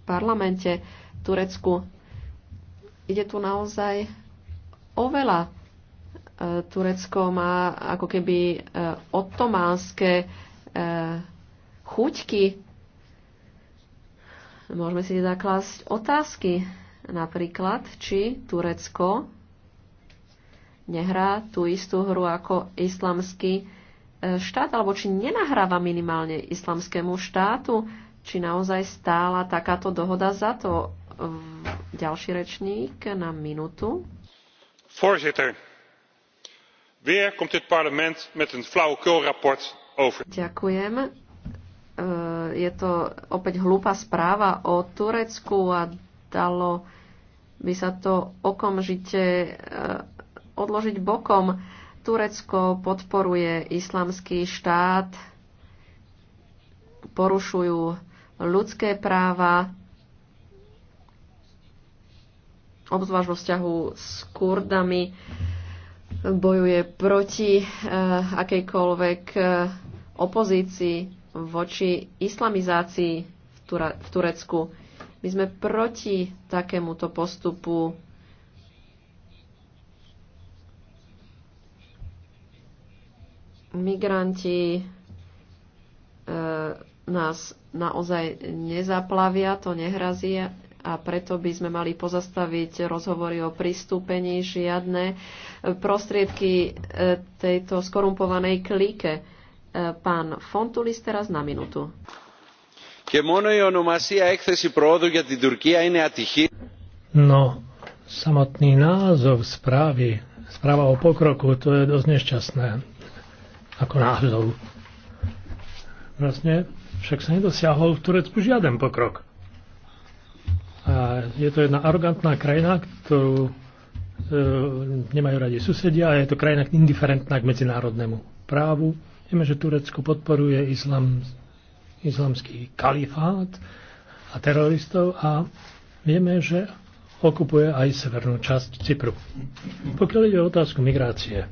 parlamente v Turecku. Ide tu naozaj oveľa. E, Turecko má ako keby e, otománske chuťky. Môžeme si zaklásť otázky, napríklad, či Turecko nehrá tú istú hru ako islamský e, štát, alebo či nenahráva minimálne islamskému štátu, či naozaj stála takáto dohoda za to. Ďalší rečník na minútu. Voorzitter, weer komt dit parlement met een flauwekul rapport over. Ďakujem. E, je to opäť hlúpa správa o Turecku a dalo by sa to okamžite e, odložiť bokom. Turecko podporuje islamský štát, porušujú ľudské práva, obzvlášť vo vzťahu s Kurdami, bojuje proti eh, akejkoľvek eh, opozícii voči islamizácii v, Turecku. My sme proti takémuto postupu Migranti e, nás naozaj nezaplavia, to nehrazí a preto by sme mali pozastaviť rozhovory o pristúpení žiadne prostriedky e, tejto skorumpovanej klike. E, pán Fontulis teraz na minutu. No, samotný názov správy, správa o pokroku, to je dosť nešťastné ako náhodou. Vlastne však sa nedosiahol v Turecku žiaden pokrok. A je to jedna arogantná krajina, ktorú e, nemajú radi susedia a je to krajina indiferentná k medzinárodnému právu. Vieme, že Turecko podporuje islam, islamský kalifát a teroristov a vieme, že okupuje aj severnú časť Cypru. Pokiaľ ide o otázku migrácie,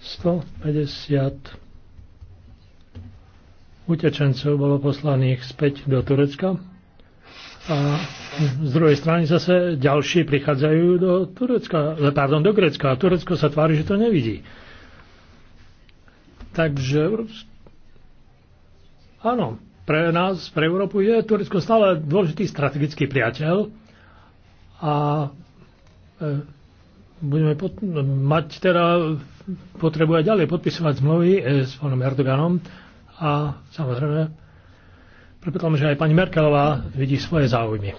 150 utečencov bolo poslaných späť do Turecka a z druhej strany zase ďalší prichádzajú do Turecka, eh, pardon, do Grecka a Turecko sa tvári, že to nevidí. Takže áno, pre nás, pre Európu je Turecko stále dôležitý strategický priateľ a eh, budeme pot- mať teda, aj ďalej podpisovať zmluvy eh, s pánom Erdoganom a samozrejme predpokladám, že aj pani Merkelová vidí svoje záujmy.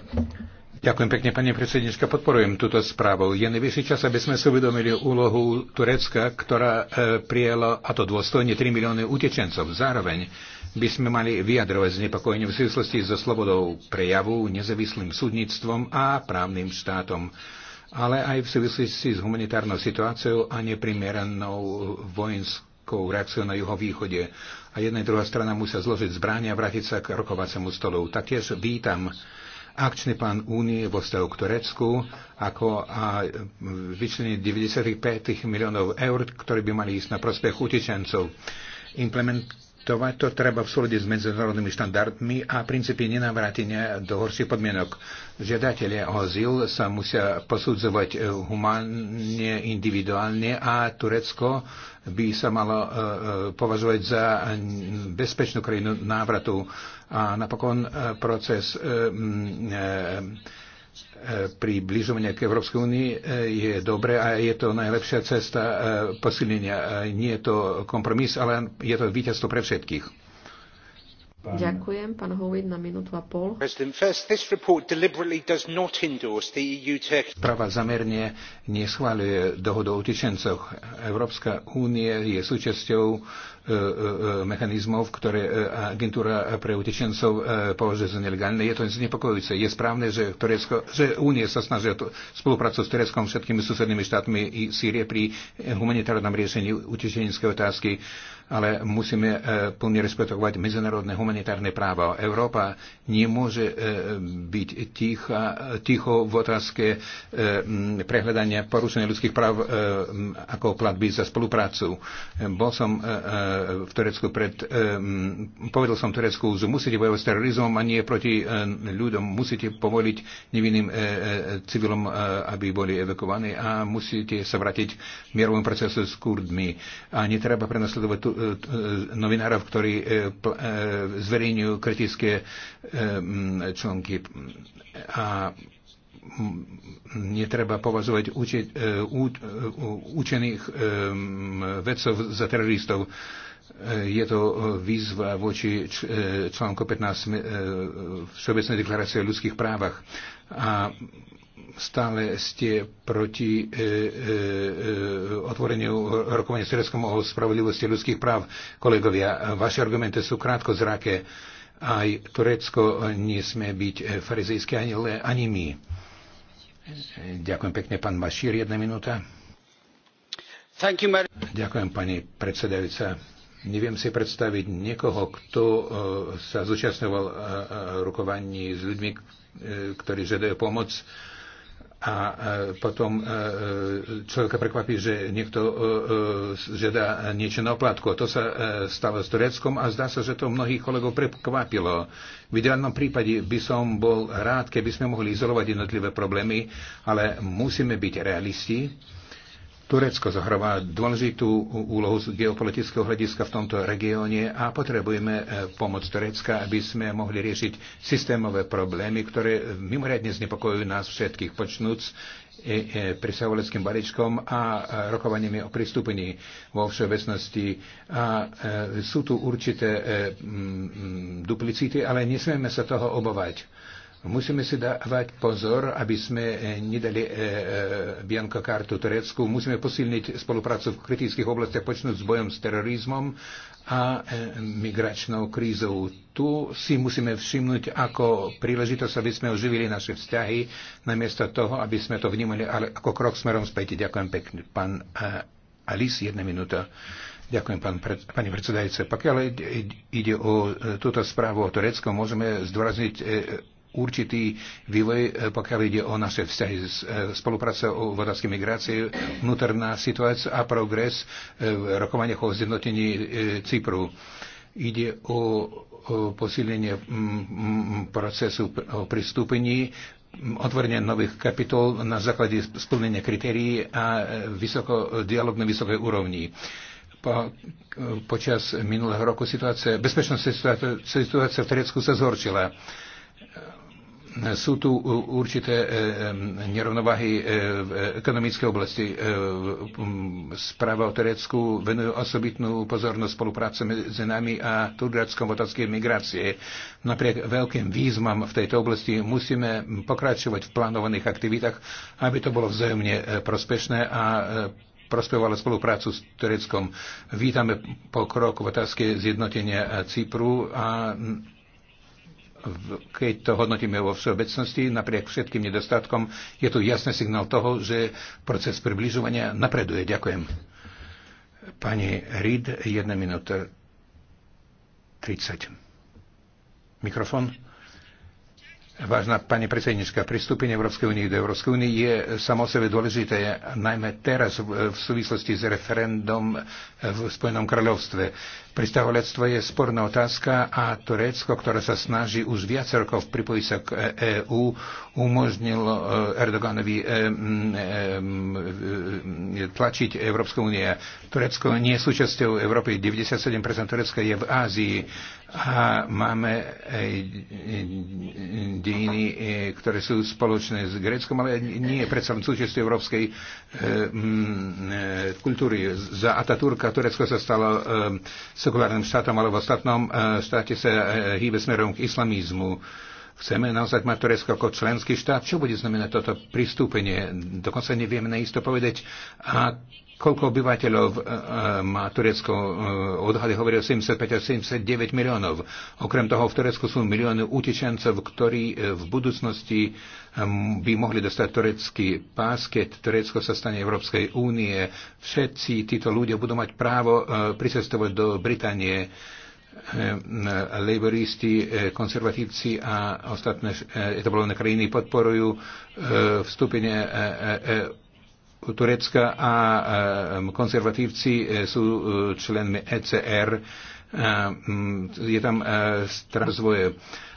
Ďakujem pekne, pani predsednička. Podporujem túto správu. Je nevyšší čas, aby sme si uvedomili úlohu Turecka, ktorá e, prijela, a to dôstojne, 3 milióny utečencov. Zároveň by sme mali vyjadrovať znepokojenie v súvislosti so slobodou prejavu, nezávislým súdnictvom a právnym štátom ale aj v súvislosti s humanitárnou situáciou a neprimeranou vojenskou reakciou na juhovýchode. A jedna druhá strana musia zložiť zbrania a vrátiť sa k rokovacemu stolu. Taktiež vítam akčný plán únie vo vzťahu k Turecku, ako a vyčlenie 95 miliónov eur, ktoré by mali ísť na prospech utečencov. Implement akceptovať to treba v súlade s medzinárodnými štandardmi a princípy nenavrátenia do horších podmienok. Žiadatelia o azyl sa musia posudzovať eh, humánne, individuálne a Turecko by sa malo eh, eh, považovať za mm, bezpečnú krajinu návratu. A napokon proces mm, E, pri približovania k Európskej únii e, je dobré a je to najlepšia cesta e, posilnenia. Nie je to kompromis, ale je to víťazstvo pre všetkých. Pán... Ďakujem, pán Hovid, na minútu a pol. Prava zamerne neschváľuje dohodu o utečencoch. Európska únie je súčasťou E, e, mechanizmov, ktoré e, agentúra pre utečencov považuje za nelegálne. Je to znepokojujúce. Je správne, že, Turecko, že Únie sa snažia spolupracovať s Tureckom všetkými susednými štátmi i Sýrie pri humanitárnom riešení utečeneckej otázky ale musíme e, plne respektovať medzinárodné humanitárne práva. Európa nemôže e, byť ticha, ticho v otázke e, prehľadania porušenia ľudských práv ako platby za spoluprácu. Bol som v Turecku pred... Povedal som Turecku, že musíte bojovať s terorizmom a nie proti ľuďom. Musíte povoliť nevinným civilom, aby boli evakovaní a musíte sa vrátiť mierovom procesu s Kurdmi. A netreba prenasledovať tu, E, novinárov, ktorí e, e, zverejňujú kritické články. A netreba považovať učených vedcov za teroristov. Je to výzva voči článku 15 Všeobecnej deklarácie o ľudských právach. A stále ste proti e, e, e, otvoreniu rokovania s Tureckom o spravodlivosti ľudských práv. Kolegovia, vaše argumenty sú krátko zrake. Aj Turecko nesmie byť farizejské ani, ani my. Ďakujem pekne, pán Mašír, jedna minúta. You, Ďakujem, pani predsedajúca. Neviem si predstaviť niekoho, kto e, sa zúčastňoval e, rukovaní s ľuďmi, ktorí žiadajú pomoc a e, potom e, e, človeka prekvapí, že niekto žiada niečo na oplátku. A To sa stalo s Tureckom a zdá sa, že to mnohých kolegov prekvapilo. V ideálnom prípade by som bol rád, keby sme mohli izolovať jednotlivé problémy, ale musíme byť realisti Turecko zohráva dôležitú úlohu z geopolitického hľadiska v tomto regióne a potrebujeme e, pomoc Turecka, aby sme mohli riešiť systémové problémy, ktoré mimoriadne znepokojujú nás všetkých, počnúc e, e, prisaholeckým balíčkom a rokovaniami o pristúpení vo všeobecnosti. A sú tu určité duplicity, ale nesmieme sa toho obovať Musíme si dávať pozor, aby sme eh, nedali e, eh, eh, bianko kartu Turecku. Musíme posilniť spoluprácu v kritických oblastiach, počnúť s bojom s terorizmom a e, migračnou krízou. Tu si musíme všimnúť ako príležitosť, aby sme oživili naše vzťahy, namiesto toho, aby sme to vnímali ale ako krok smerom späť. Ďakujem pekne. Pán e, Alice, jedna minúta. Ďakujem, pán pred, pani predsedajúce. Pokiaľ ide o túto správu o Turecku, môžeme zdôrazniť určitý vývoj, e, pokiaľ ide o naše vzťahy s e, spolupráce o vodáckej migrácii, vnútorná situácia a progres e, v rokovaniach o zjednotení Cypru. Ide o posilnenie procesu o pristúpení, otvorenie nových kapitol na základe splnenia kritérií a vysoko, dialog na vysokej úrovni po, počas minulého roku situácia, bezpečnostná situácia, situácia v Turecku sa zhoršila sú tu e, určité e, e, nerovnováhy v ekonomickej oblasti. Správa o Turecku venuje osobitnú pozornosť spolupráce medzi nami a Turgackom v otázke migrácie. Napriek veľkým výzvam v tejto oblasti musíme pokračovať v plánovaných aktivitách, aby to bolo vzájomne prospešné a prospevovala spoluprácu s Tureckom. Vítame pokrok v otázke zjednotenia Cypru a keď to hodnotíme vo všeobecnosti, napriek všetkým nedostatkom, je tu jasný signál toho, že proces približovania napreduje. Ďakujem. Pani Reid, 1 minúta 30. Mikrofón. Vážna pani predsednička, pristúpenie Európskej únie do Európskej únie je samo sebe dôležité, najmä teraz v súvislosti s referendum v Spojenom kráľovstve. Pristahovalectvo je sporná otázka a Turecko, ktoré sa snaží už viac rokov pripojiť sa k EÚ, umožnil eh, Erdoganovi eh, mm, eh, mm, tlačiť Európsku únie. Turecko nie je súčasťou Európy. 97% Turecka je v Ázii a máme dejiny, ktoré sú spoločné s Gréckom, ale nie je predsa súčasťou európskej mm, kultúry. Za Ataturka Turecko sa stalo sekulárnym štátom, ale v ostatnom štáte eh, sa eh, eh, hýbe smerom k islamizmu. Chceme naozaj mať Turecko ako členský štát? Čo bude znamenať toto pristúpenie? Dokonca nevieme neisto povedať, a koľko obyvateľov e, e, má Turecko. E, odhady o 75 až 79 miliónov. Okrem toho v Turecku sú milióny utečencov, ktorí v budúcnosti by mohli dostať turecký pás, keď Turecko sa stane Európskej únie. Všetci títo ľudia budú mať právo pricestovať do Británie Eh, laboristi, eh, konzervatívci a ostatné etablované eh, krajiny podporujú vstúpenie Turecka a konzervatívci sú členmi ECR. Mm, je tam strach zvoje.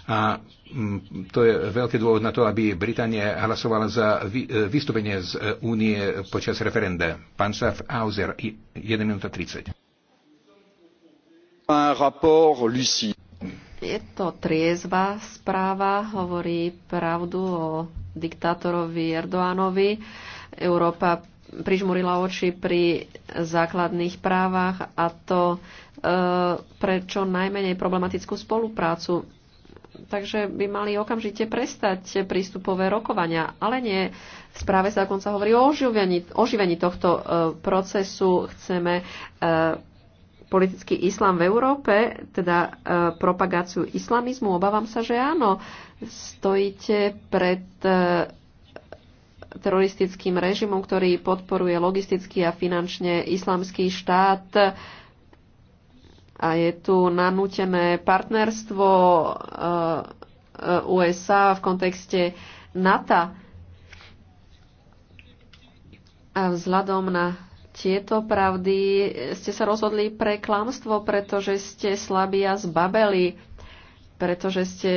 A mm, to je veľký dôvod na to, aby Británia hlasovala za vystúpenie z únie počas referenda. Pán Schaff Auser, 1 minúta 30. Je to triezva správa, hovorí pravdu o diktátorovi Erdoánovi. Európa prižmurila oči pri základných právach a to e, pre čo najmenej problematickú spoluprácu. Takže by mali okamžite prestať prístupové rokovania, ale nie. V správe sa dokonca hovorí o oživení, oživení tohto e, procesu. Chceme e, politický islám v Európe, teda e, propagáciu islamizmu? Obávam sa, že áno. Stojíte pred e, teroristickým režimom, ktorý podporuje logisticky a finančne islamský štát. A je tu nanútené partnerstvo e, e, USA v kontexte NATO. A vzhľadom na tieto pravdy ste sa rozhodli pre klamstvo, pretože ste slabí a zbabeli, pretože ste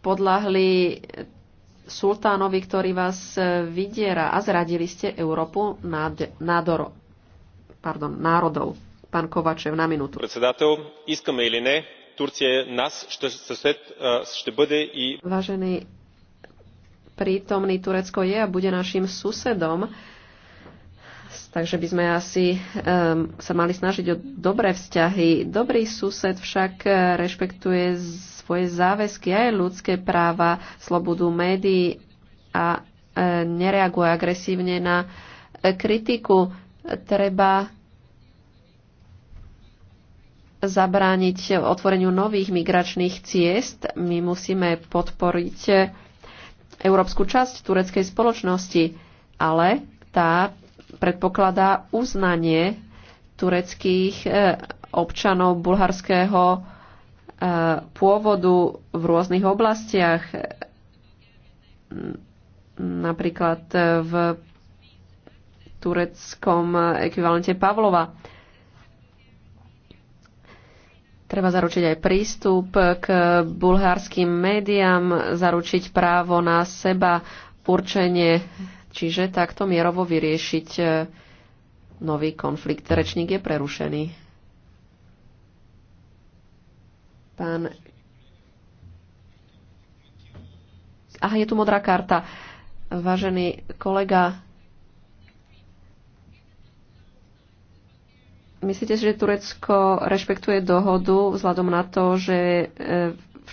podľahli sultánovi, ktorý vás vydiera a zradili ste Európu nad, nadoro, pardon, národov. Pán Kovačev, na minútu. Председател, искаме или не, Турция нас šte, съсед, šte bude i... Vážený prítomný Turecko je a bude našim susedom. Takže by sme asi um, sa mali snažiť o dobré vzťahy. Dobrý sused však eh, rešpektuje svoje záväzky aj ľudské práva, slobodu médií a e, nereaguje agresívne na e, kritiku. Treba zabrániť otvoreniu nových migračných ciest. My musíme podporiť európsku časť tureckej spoločnosti, ale tá predpokladá uznanie tureckých e, občanov bulharského e, pôvodu v rôznych oblastiach, napríklad e, v tureckom ekvivalente Pavlova. Treba zaručiť aj prístup k bulharským médiám, zaručiť právo na seba určenie Čiže takto mierovo vyriešiť e, nový konflikt. Rečník je prerušený. Pán... Aha, je tu modrá karta. Vážený kolega, myslíte, že Turecko rešpektuje dohodu vzhľadom na to, že e,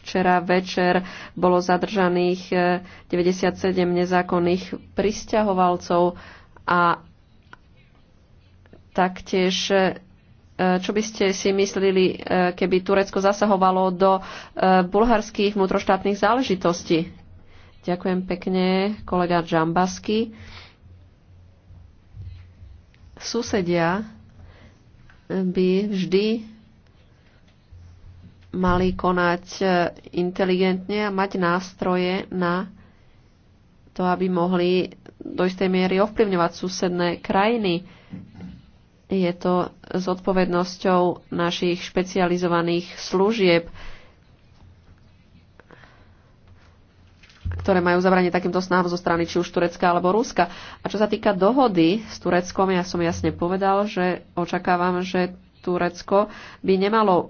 Včera večer bolo zadržaných 97 e, nezákonných pristahovalcov a taktiež e, čo by ste si myslili, e, keby Turecko zasahovalo do bulharských vnútroštátnych záležitostí? Ďakujem pekne, kolega Džambasky. Susedia by vždy mali konať e, inteligentne a mať nástroje na to, aby mohli do istej miery ovplyvňovať susedné krajiny. Je to s odpovednosťou našich špecializovaných služieb, ktoré majú zabranie takýmto snahom zo strany či už Turecka alebo Ruska. A čo sa týka dohody s Tureckom, ja som jasne povedal, že očakávam, že Turecko by nemalo e,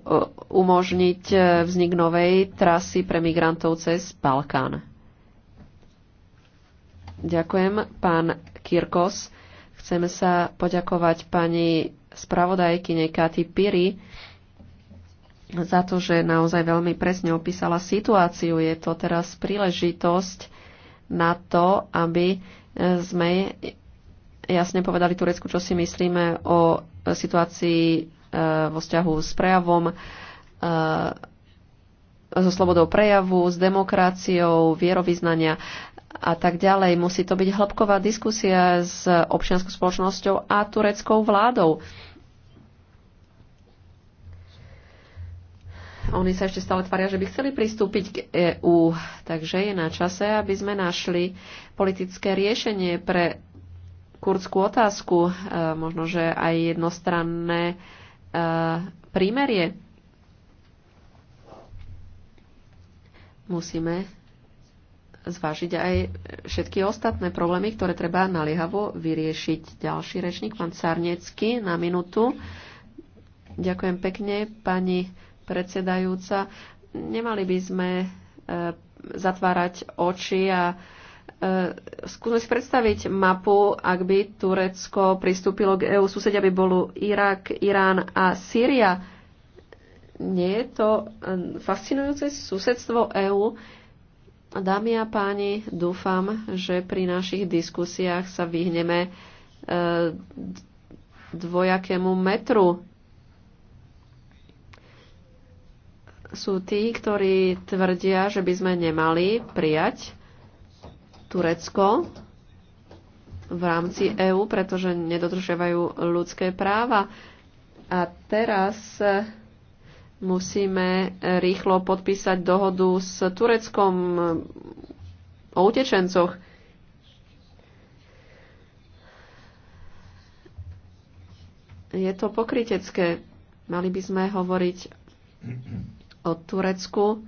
umožniť e, vznik novej trasy pre migrantov cez Balkán. Ďakujem, pán Kirkos. Chceme sa poďakovať pani spravodajkyne Katy Piri za to, že naozaj veľmi presne opísala situáciu. Je to teraz príležitosť na to, aby e, sme jasne povedali Turecku, čo si myslíme o situácii Eh, vo vzťahu s prejavom, eh, so slobodou prejavu, s demokraciou, vierovýznania a tak ďalej. Musí to byť hĺbková diskusia s občianskou spoločnosťou a tureckou vládou. Oni sa ešte stále tvária, že by chceli pristúpiť k EÚ, takže je na čase, aby sme našli politické riešenie pre kurdskú otázku. Eh, možno, že aj jednostranné prímerie. Musíme zvážiť aj všetky ostatné problémy, ktoré treba naliehavo vyriešiť. Ďalší rečník, pán Carnecký, na minútu. Ďakujem pekne, pani predsedajúca. Nemali by sme e, zatvárať oči a E, skúsme si predstaviť mapu, ak by Turecko pristúpilo k EU Susedia by bolo Irak, Irán a Sýria. Nie je to e, fascinujúce susedstvo EÚ? Dámy a páni, dúfam, že pri našich diskusiách sa vyhneme e, dvojakému metru. Sú tí, ktorí tvrdia, že by sme nemali prijať Turecko v rámci EÚ, pretože nedodržiavajú ľudské práva. A teraz musíme rýchlo podpísať dohodu s Tureckom o utečencoch. Je to pokrytecké. Mali by sme hovoriť o Turecku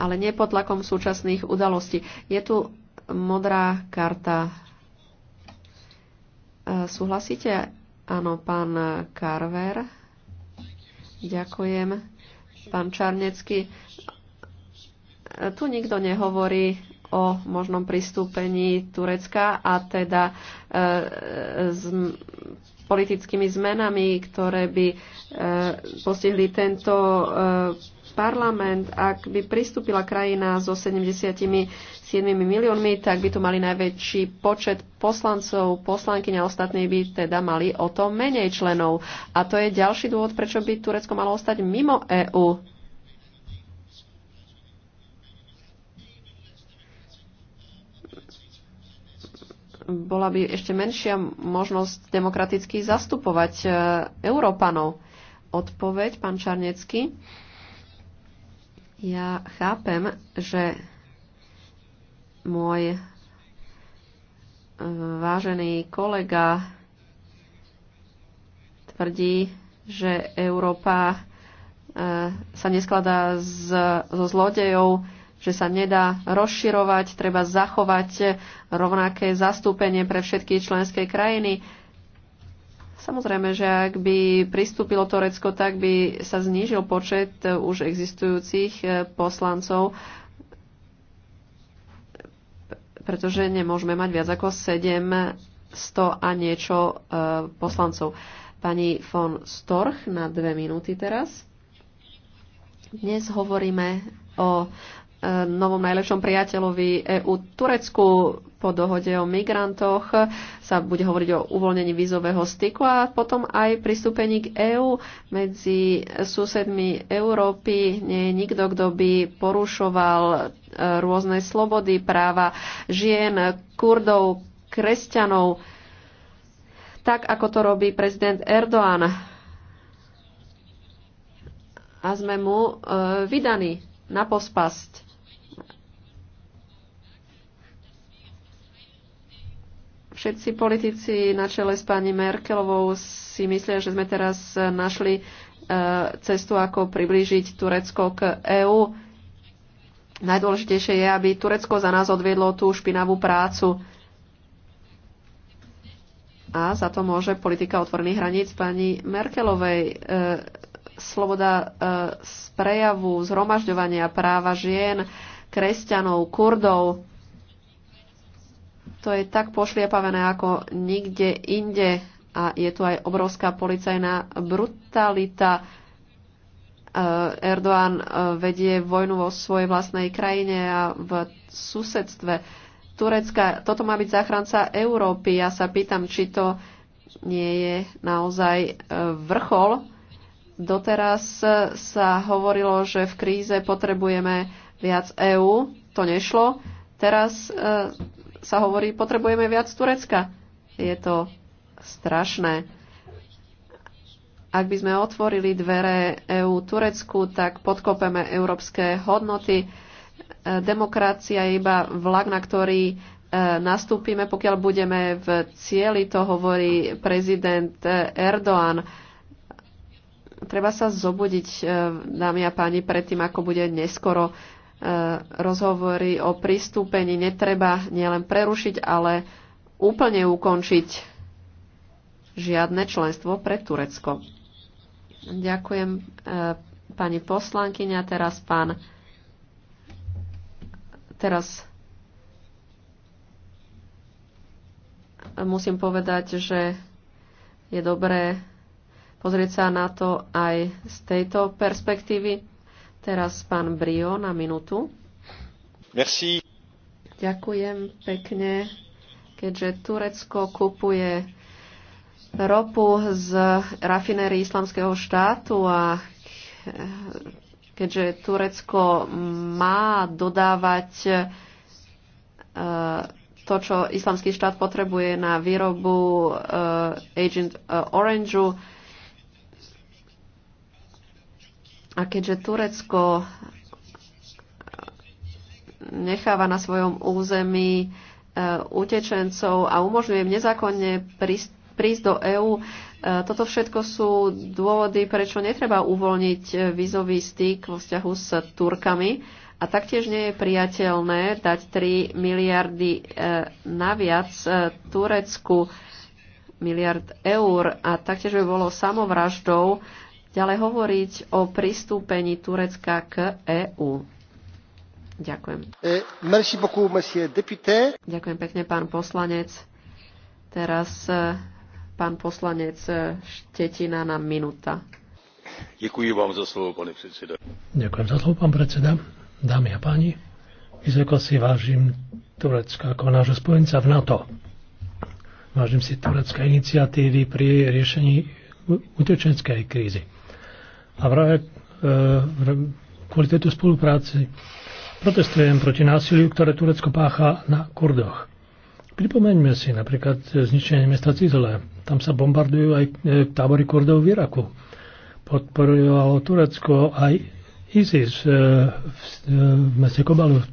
ale nie pod tlakom súčasných udalostí. Je tu modrá karta. E, súhlasíte? Áno, pán Carver. Ďakujem. Pán Čarnecký, e, tu nikto nehovorí o možnom pristúpení Turecka a teda e, s politickými zmenami, ktoré by e, postihli tento e, parlament, ak by pristúpila krajina so 77 miliónmi, tak by tu mali najväčší počet poslancov, poslankyň a ostatní by teda mali o to menej členov. A to je ďalší dôvod, prečo by Turecko malo ostať mimo EÚ. Bola by ešte menšia možnosť demokraticky zastupovať e, Európanov. Odpoveď, pán Čarnecký. Ja chápem, že môj e, vážený kolega tvrdí, že Európa e, sa neskladá zo zlodejov, že sa nedá rozširovať, treba zachovať rovnaké zastúpenie pre všetky členské krajiny. Samozrejme, že ak by pristúpilo Turecko, tak by sa znížil počet e, už existujúcich e, poslancov, pretože nemôžeme mať viac ako 700 a niečo e, poslancov. Pani von Storch na dve minúty teraz. Dnes hovoríme o novom najlepšom priateľovi EU Turecku po dohode o migrantoch sa bude hovoriť o uvoľnení vízového styku a potom aj pristúpení k EÚ. Medzi susedmi Európy nie je nikto, kto by porušoval e, rôzne slobody, práva žien, kurdov, kresťanov, tak ako to robí prezident Erdoğan. A sme mu e, vydaní na pospasť. Všetci politici na čele s pani Merkelovou si myslia, že sme teraz našli e, cestu, ako priblížiť Turecko k EÚ. Najdôležitejšie je, aby Turecko za nás odviedlo tú špinavú prácu. A za to môže politika otvorených hraníc pani Merkelovej. E, sloboda e, z prejavu, zhromažďovania práva žien, kresťanov, kurdov, to je tak pošliepavené ako nikde inde a je tu aj obrovská policajná brutalita. E, Erdoğan e, vedie vojnu vo svojej vlastnej krajine a v susedstve Turecka. Toto má byť záchranca Európy. Ja sa pýtam, či to nie je naozaj e, vrchol. Doteraz sa hovorilo, že v kríze potrebujeme viac EÚ. To nešlo. Teraz sa hovorí, potrebujeme viac Turecka. Je to strašné. Ak by sme otvorili dvere EÚ Turecku, tak podkopeme európske hodnoty. E, demokracia je iba vlak, na ktorý e, nastúpime, pokiaľ budeme v cieli, to hovorí prezident e, Erdoğan. Treba sa zobudiť, dámy a páni, predtým, ako bude neskoro E, rozhovory o pristúpení netreba nielen prerušiť, ale úplne ukončiť žiadne členstvo pre Turecko. Ďakujem e, pani poslankyňa, teraz pán teraz musím povedať, že je dobré pozrieť sa na to aj z tejto perspektívy. Teraz pán Brio na minútu. Merci. Ďakujem pekne, keďže Turecko kupuje ropu z rafinéry Islamského štátu a keďže Turecko má dodávať e, to, čo islamský štát potrebuje na výrobu e, Agent Orangeu, A keďže Turecko necháva na svojom území e, utečencov a umožňuje nezákonne prísť, prísť do EÚ, e, toto všetko sú dôvody, prečo netreba uvoľniť e, vízový styk vo vzťahu s Turkami. A taktiež nie je priateľné dať 3 miliardy naviac Turecku miliard eur a taktiež by bolo samovraždou ďalej hovoriť o pristúpení Turecka k EÚ. Ďakujem. E, merci beaucoup, monsieur député. Ďakujem pekne, pán poslanec. Teraz e, pán poslanec e, Štetina na minúta. Ďakujem vám za slovo, pán predseda. Ďakujem za slovo, pán predseda. Dámy a páni, vysoko si vážim Turecka ako nášho spojenca v NATO. Vážim si turecké iniciatívy pri riešení utečenskej krízy a práve e, kvôli tejto spolupráci protestujem proti násiliu, ktoré Turecko pácha na Kurdoch. Pripomeňme si napríklad zničenie mesta Cizle. Tam sa bombardujú aj e, tábory Kurdov v Iraku. Podporovalo Turecko aj ISIS e, v meste Kobalu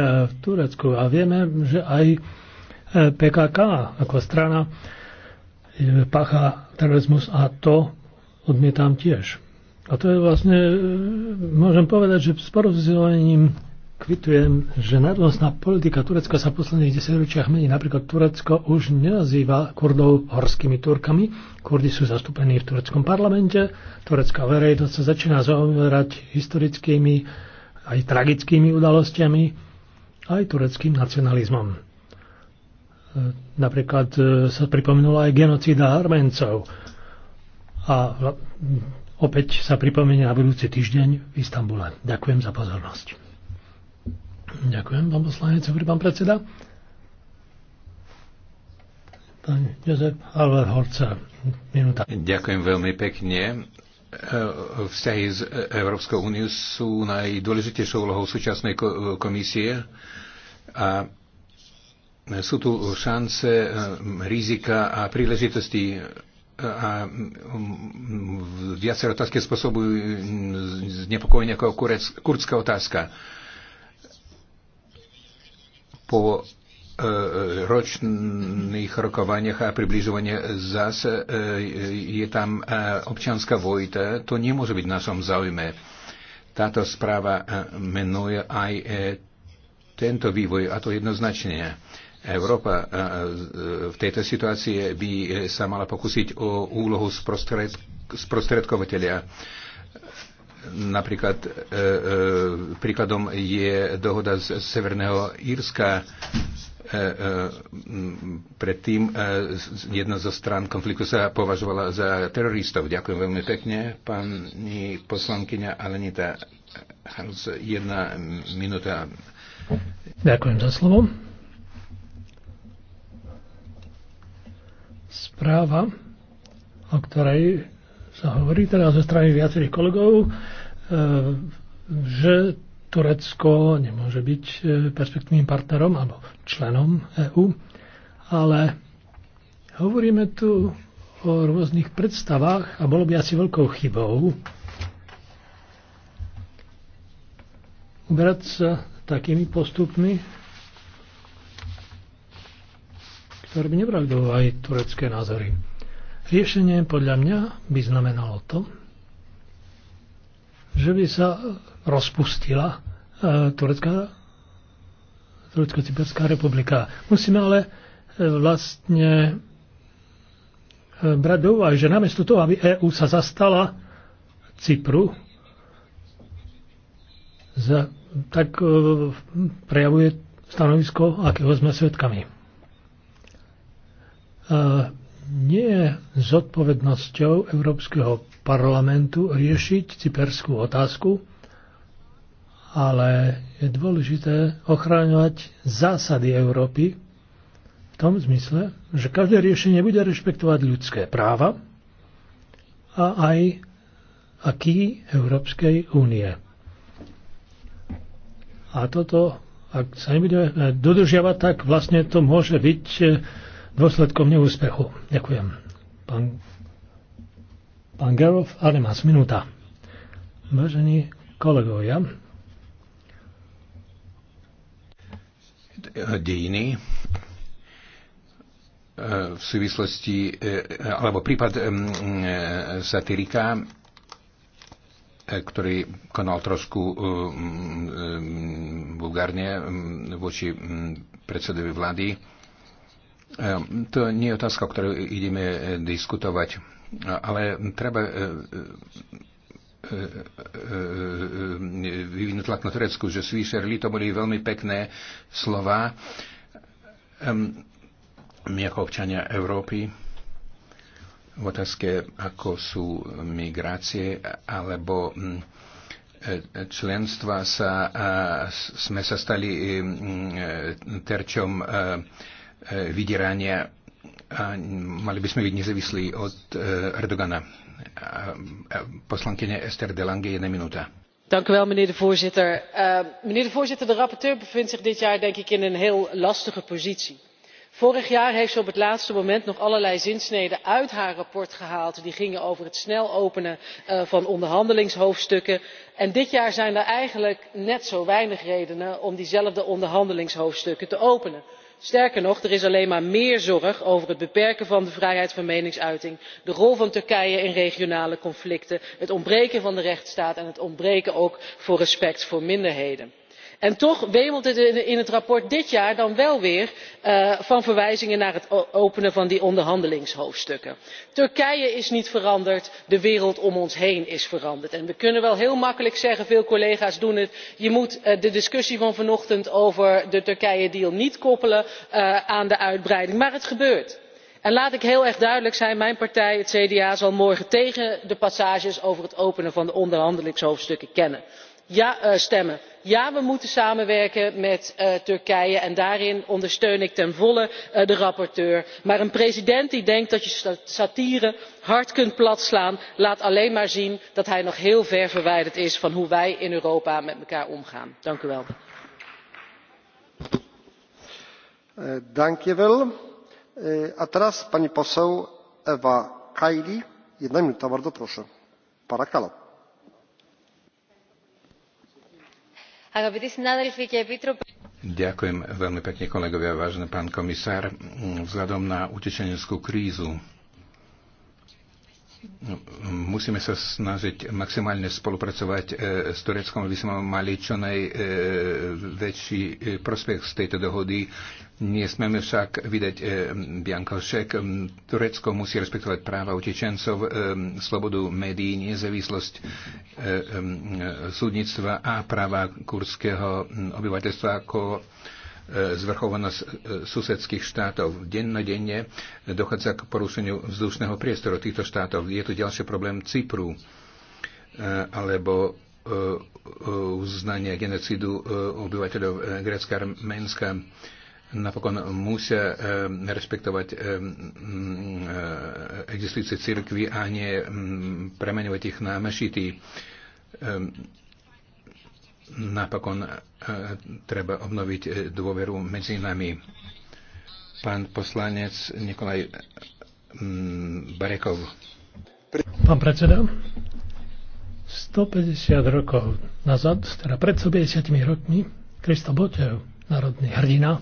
v Turecku. A vieme, že aj PKK ako strana pácha terorizmus a to odmietam tiež. A to je vlastne, e, môžem povedať, že s porozdielaním kvitujem, že národnostná politika Turecka sa v posledných desaťročiach mení. Napríklad Turecko už nenazýva Kurdov horskými Turkami. Kurdi sú zastúpení v tureckom parlamente. Turecká verejnosť sa začína zaoberať historickými aj tragickými udalostiami, aj tureckým nacionalizmom. E, napríklad e, sa pripomenula aj genocída Arméncov. A opäť sa pripomenie na budúci týždeň v Istambule. Ďakujem za pozornosť. Ďakujem, pán poslanec, hovorí pán predseda. Pán Jozef Albert Horca, minúta. Ďakujem veľmi pekne e, vzťahy s Európskou úniou sú najdôležitejšou úlohou súčasnej komisie a sú tu šance, e, rizika a príležitosti a mm, viaceré otázky spôsobujú mm, znepokojenie ako kurdská otázka. Po e, ročných rokovaniach a približovanie zase e, je tam e, občianská vojta. To nemôže byť v našom záujme. Táto správa menuje aj tento vývoj, a to jednoznačne Európa v tejto situácii by sa mala pokúsiť o úlohu sprostred, sprostredkovateľa. Napríklad e, e, príkladom je dohoda z Severného Írska. E, predtým jedna zo strán konfliktu sa považovala za teroristov. Ďakujem veľmi pekne, pani poslankyňa Alenita. Jedna minúta. Ďakujem za slovo. správa, o ktorej sa hovorí teda zo strany viacerých kolegov, e, že Turecko nemôže byť e, perspektívnym partnerom alebo členom EÚ, ale hovoríme tu o rôznych predstavách a bolo by asi veľkou chybou uberať sa takými postupmi, ktoré by nebrali do aj turecké názory. Riešenie podľa mňa by znamenalo to, že by sa rozpustila e, Turecká, Turecko-Cyperská republika. Musíme ale e, vlastne e, brať do úvahy, že namiesto toho, aby EÚ sa zastala Cypru, za, tak prejavuje stanovisko, akého sme svedkami nie je zodpovednosťou Európskeho parlamentu riešiť cyperskú otázku, ale je dôležité ochráňovať zásady Európy v tom zmysle, že každé riešenie bude rešpektovať ľudské práva a aj aký Európskej únie. A toto, ak sa nebudeme dodržiavať, tak vlastne to môže byť dôsledkom neúspechu. Ďakujem. Pán, pán Gerov, ale Arimans, minúta. Vážení kolegovia, dejiny e, v súvislosti, e, alebo prípad e, satirika, ktorý konal trošku vulgárne voči predsedovi vlády, Ehm, to nie je otázka, o ktorej ideme eh, diskutovať, ale treba eh, eh, vyvinúť tlak na Turecku, že svýšerli, to boli veľmi pekné slova. Ehm, my ako občania Európy v otázke, ako sú migrácie alebo hm, členstva sa, sme sa stali hm, terčom E, vydierania a mali by sme byť nezávislí od e, Erdogana. Poslankyne Esther de Lange, jedna minúta. Dank u wel, meneer de voorzitter. Uh, meneer de voorzitter, de rapporteur bevindt zich dit jaar denk ik in een heel lastige positie. Vorig jaar heeft ze op het laatste moment nog allerlei zinsneden uit haar rapport gehaald. Die gingen over het snel openen uh, van onderhandelingshoofdstukken. En dit jaar zijn er eigenlijk net zo weinig redenen om diezelfde onderhandelingshoofdstukken te openen sterker nog er is alleen maar meer zorg over het beperken van de vrijheid van meningsuiting de rol van turkije in regionale conflicten het ontbreken van de rechtsstaat en het ontbreken van respect voor minderheden en toch wemelt het er in het verslag dit jaar dan wel weer eh, van verwijzingen naar het openen van die onderhandelingshoofdstukken. turkije is niet veranderd de wereld om ons heen is veranderd en we kunnen wel heel makkelijk zeggen veel collega's doen het je moet eh, de discussie van vanochtend over de turkije deal niet koppelen eh, aan de uitbreiding maar het gebeurt. en laat ik heel erg duidelijk zijn mijn partij het cda zal morgen tegen de passages over het openen van de onderhandelingshoofdstukken Eh, stemmen. ja we moeten samenwerken met eh, turkije en daarin ondersteun ik ten volle eh, de rapporteur maar een president die denkt dat je satire hard kunt platslaan laat alleen maar zien dat hij nog heel ver verwijderd is van hoe wij in europa met elkaar omgaan. Ďakujem veľmi pekne, kolegovia, vážený pán komisár. Vzhľadom na utečeneckú krízu musíme sa snažiť maximálne spolupracovať e, s Tureckom, aby sme mali čo najväčší e, e, prospech z tejto dohody Nesmieme však vydať e, Biankošek. Turecko musí respektovať práva utečencov, e, slobodu médií, nezávislosť e, e, súdnictva a práva kurského obyvateľstva ako e, zvrchovanosť e, susedských štátov. Dennodenne dochádza k porušeniu vzdušného priestoru týchto štátov. Je tu ďalší problém Cypru e, alebo uznanie e, obyvateľov Grécka a Arménska napokon musia e, eh, rešpektovať e, eh, e, eh, existujúce cirkvy a nie mm, premeňovať ich na mešity. E, Napokon e, treba obnoviť dôveru medzi nami. Pán poslanec Nikolaj mm, Barekov. Pán predseda, 150 rokov nazad, teda pred 150 rokmi, Kristo Botev, národný hrdina,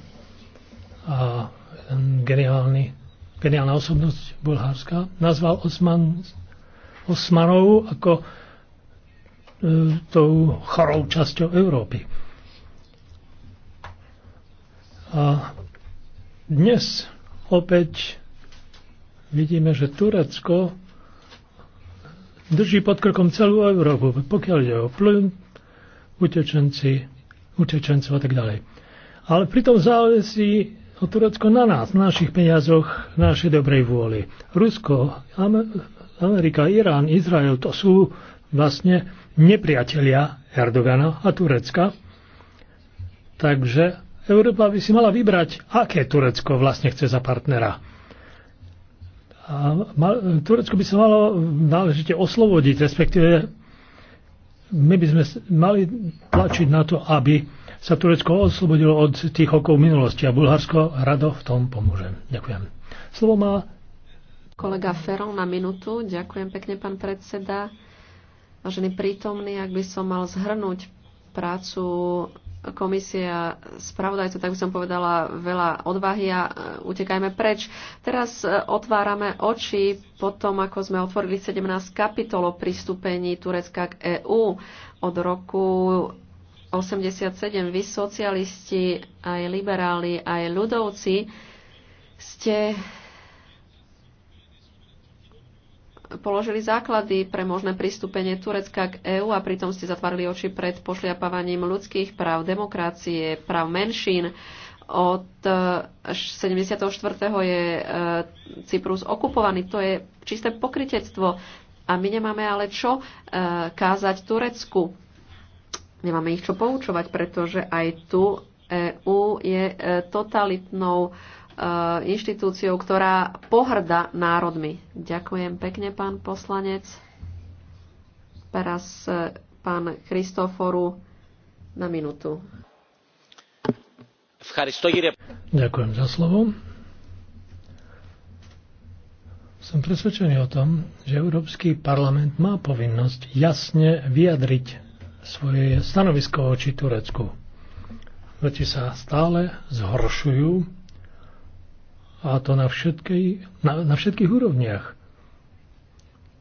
a geniálny, geniálna osobnosť Bulhárska, nazval Osman, Osmanovu ako e, tou chorou časťou Európy. A dnes opäť vidíme, že Turecko drží pod krkom celú Európu, pokiaľ ide o plyn, utečenci, utečencov a tak ďalej. Ale pritom závisí No Turecko na nás, na našich peniazoch, na našej dobrej vôli. Rusko, Amerika, Irán, Izrael, to sú vlastne nepriatelia Erdogana a Turecka. Takže Európa by si mala vybrať, aké Turecko vlastne chce za partnera. A Turecko by sa malo náležite oslobodiť, respektíve my by sme mali tlačiť na to, aby sa Turecko oslobodilo od tých okov minulosti a Bulharsko rado v tom pomôže. Ďakujem. Slovo má kolega Ferol na minútu. Ďakujem pekne, pán predseda. Vážený prítomný, ak by som mal zhrnúť prácu komisia spravodajcov, tak by som povedala veľa odvahy a e, utekajme preč. Teraz e, otvárame oči po tom, ako sme otvorili 17 kapitol o pristúpení Turecka k EÚ od roku 87, vy socialisti, aj liberáli, aj ľudovci, ste položili základy pre možné pristúpenie Turecka k EÚ a pritom ste zatvorili oči pred pošliapávaním ľudských práv, demokracie, práv menšín. Od 74. Eh, je eh, Cyprus okupovaný. To je čisté pokritectvo. A my nemáme ale čo eh, kázať Turecku nemáme ich čo poučovať, pretože aj tu EÚ je e, totalitnou e, inštitúciou, ktorá pohrda národmi. Ďakujem pekne, pán poslanec. Teraz e, pán Kristoforu na minútu. Ďakujem za slovo. Som presvedčený o tom, že Európsky parlament má povinnosť jasne vyjadriť svoje stanovisko oči Turecku. Veci sa stále zhoršujú a to na, všetkej, na, na všetkých úrovniach.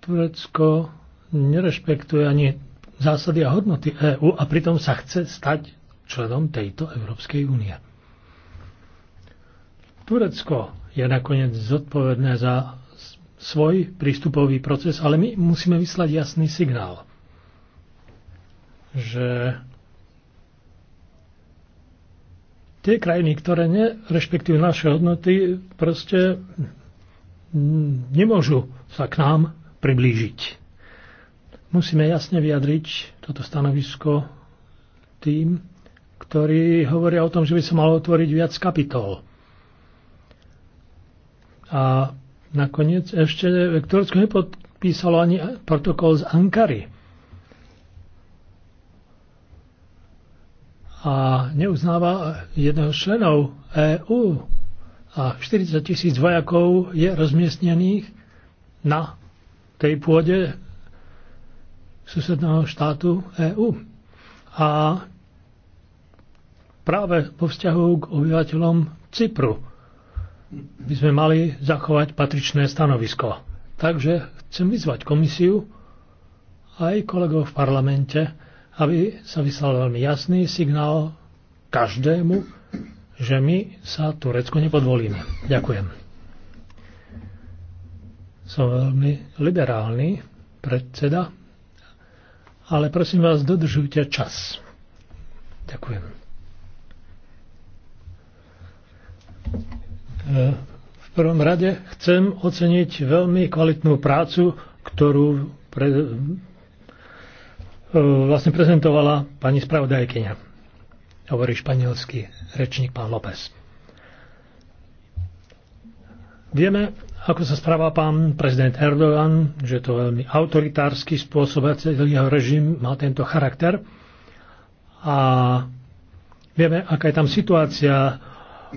Turecko nerešpektuje ani zásady a hodnoty EÚ a pritom sa chce stať členom tejto Európskej únie. Turecko je nakoniec zodpovedné za svoj prístupový proces, ale my musíme vyslať jasný signál že tie krajiny, ktoré nerešpektujú naše hodnoty, proste nemôžu sa k nám priblížiť. Musíme jasne vyjadriť toto stanovisko tým, ktorí hovoria o tom, že by sa malo otvoriť viac kapitol. A nakoniec ešte Turecko nepodpísalo ani protokol z Ankary. a neuznáva jedného z členov EÚ. A 40 tisíc vojakov je rozmiestnených na tej pôde susedného štátu EÚ. A práve po vzťahu k obyvateľom Cypru by sme mali zachovať patričné stanovisko. Takže chcem vyzvať komisiu aj kolegov v parlamente, aby sa vyslal veľmi jasný signál každému, že my sa Turecku nepodvolíme. Ďakujem. Som veľmi liberálny predseda, ale prosím vás, dodržujte čas. Ďakujem. E, v prvom rade chcem oceniť veľmi kvalitnú prácu, ktorú pre, E, vlastne prezentovala pani spravodajkyňa. Hovorí španielský rečník pán López. Vieme, ako sa správa pán prezident Erdogan, že to veľmi autoritársky spôsob a celý jeho režim má tento charakter. A vieme, aká je tam situácia.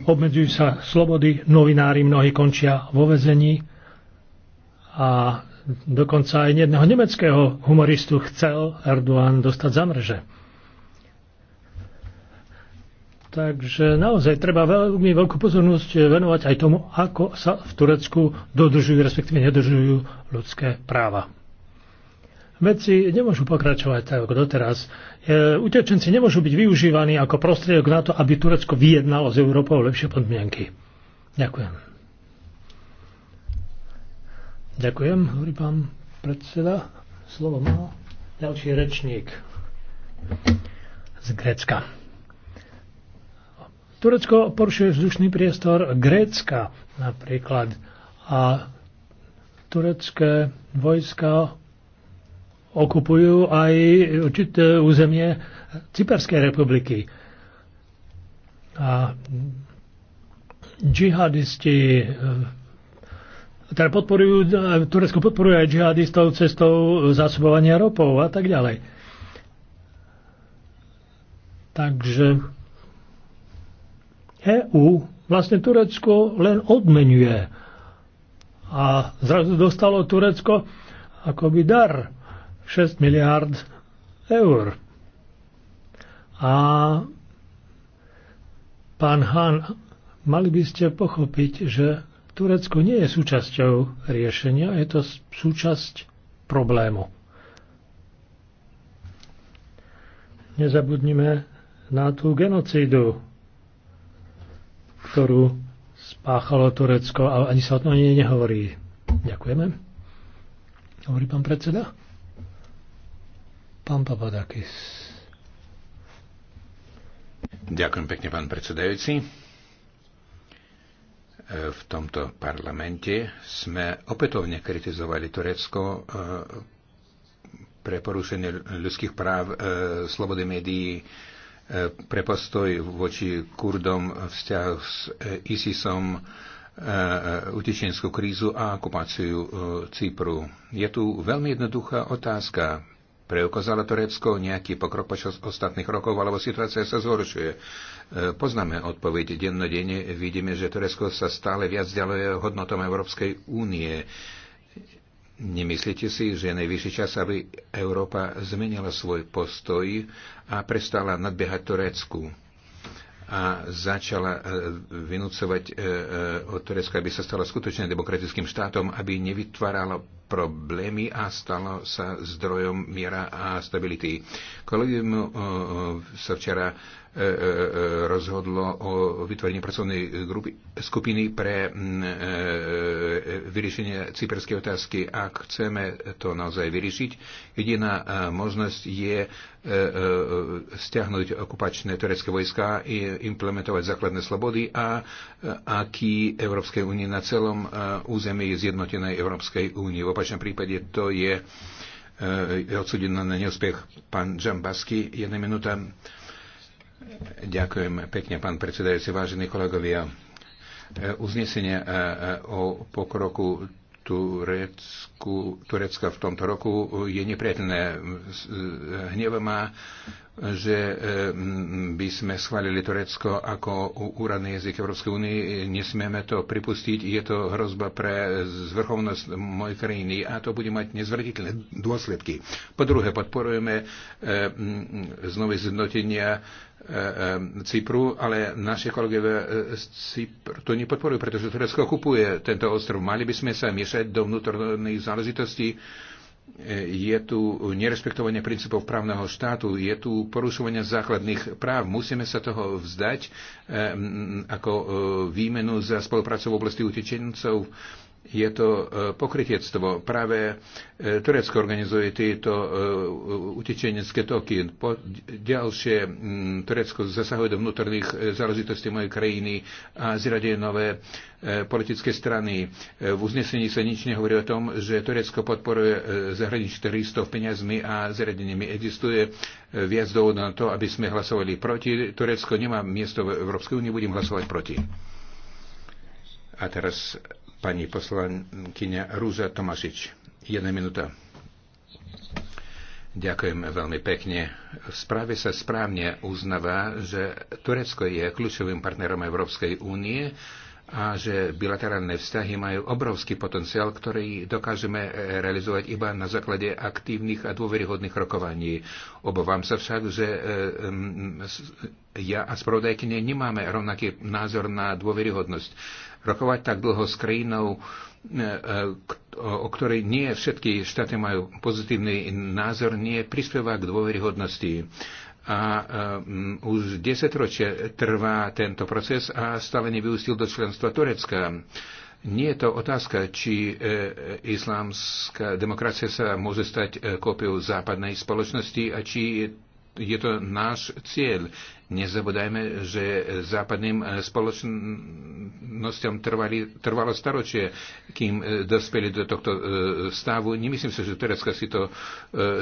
Obmedzujú sa slobody, novinári mnohí končia vo vezení a Dokonca aj jedného nemeckého humoristu chcel Erdogan dostať za mrže. Takže naozaj treba veľmi veľkú pozornosť venovať aj tomu, ako sa v Turecku dodržujú, respektíve nedržujú ľudské práva. Veci nemôžu pokračovať tak ako doteraz. E, utečenci nemôžu byť využívaní ako prostriedok na to, aby Turecko vyjednalo s Európou lepšie podmienky. Ďakujem. Ďakujem, hovorí pán predseda. Slovo má ďalší rečník z Grécka. Turecko porušuje vzdušný priestor Grécka napríklad a turecké vojska okupujú aj určité územie Cyperskej republiky. A džihadisti teda podporujú, e, Turecko podporuje aj džihadistov cestou e, zásobovania ropov a tak ďalej. Takže EU vlastne Turecko len odmenuje a zrazu dostalo Turecko akoby dar 6 miliard eur. A pán Han, mali by ste pochopiť, že Turecko nie je súčasťou riešenia, je to súčasť problému. Nezabudnime na tú genocídu, ktorú spáchalo Turecko, ale ani sa o tom ani nehovorí. Ďakujeme. Hovorí pán predseda? Pán Papadakis. Ďakujem pekne, pán predsedajúci v tomto parlamente sme opätovne kritizovali Turecko e, pre porušenie ľudských práv, e, slobody médií, e, pre postoj voči Kurdom, vzťah s ISISom, utečenskú krízu a okupáciu Cypru. Je tu veľmi jednoduchá otázka. Preukázalo Turecko nejaký pokrok počas ostatných rokov, alebo situácia sa zhoršuje? E, poznáme odpoveď dennodenne, vidíme, že Turecko sa stále viac ďaluje hodnotom Európskej únie. Nemyslíte si, že je najvyšší čas, aby Európa zmenila svoj postoj a prestala nadbiehať Turecku a začala e, vynúcovať e, od Turecka, aby sa stala skutočne demokratickým štátom, aby nevytvárala problémy a stalo sa zdrojom miera a stability. Kolegium eh, eh, sa včera eh, rozhodlo o vytvorení pracovnej grupy, skupiny pre mm, vyriešenie cyperskej otázky. Ak chceme to naozaj vyriešiť, jediná možnosť je stiahnuť okupačné turecké vojska, implementovať základné slobody a aký Európskej únie na celom území zjednotenej Európskej únie. V opačnom prípade to je e, odsudená na neúspech. Pán Džambasky, jedna minúta. Ďakujem pekne, pán predsedajúci, vážení kolegovia. E, uznesenie e, e, o pokroku Turecku, Turecka v tomto roku je nepriateľné. E, Hneva ma, že e, by sme schválili Turecko ako úradný jazyk Európskej únie. Nesmieme to pripustiť. Je to hrozba pre zvrchovnosť mojej krajiny a to bude mať nezvratiteľné dôsledky. Po druhé, podporujeme e, znovu zjednotenia E, e, Cypru, ale naši kolegovia e, z Cypru to nepodporujú, pretože Turecko kupuje tento ostrov. Mali by sme sa miešať do vnútorných záležitostí. Je tu nerespektovanie princípov právneho štátu, je tu porušovanie základných práv. Musíme sa toho vzdať ako výmenu za spoluprácu v oblasti utečencov je to e, pokrytiectvo. Práve e, Turecko organizuje tieto e, utečenecké toky. Po ďalšie Turecko zasahuje do vnútorných záležitostí mojej krajiny a zradie nové politické strany. V uznesení sa nič nehovorí o tom, že Turecko podporuje zahraničných teroristov peniazmi a zariadeniami. Existuje viac dôvodov na to, aby sme hlasovali proti. Turecko nemá miesto v Európskej únii, budem hlasovať proti. A teraz Pani poslankyňa Rúza Tomašič. Jedna minúta. Ďakujem veľmi pekne. V správe sa správne uznáva, že Turecko je kľúčovým partnerom Európskej únie a že bilaterálne vzťahy majú obrovský potenciál, ktorý dokážeme realizovať iba na základe aktívnych a dôveryhodných rokovaní. Obávam sa však, že ja a spravodajkyne nemáme rovnaký názor na dôveryhodnosť rokovať tak dlho s krajinou, e, e, o ktorej nie všetky štáty majú pozitívny názor, nie prispieva k dôveryhodnosti. A um, už desetročie trvá tento proces a stále nevyústil do členstva Turecka. Nie je to otázka, či e, islámska demokracia sa môže stať e, kópiou západnej spoločnosti a či je, je to náš cieľ. Nezabúdajme, že západným eh, spoločnosťom trvali, trvalo staročie, kým eh, dospeli do tohto eh, stavu. Nemyslím si, že Turecka si, to,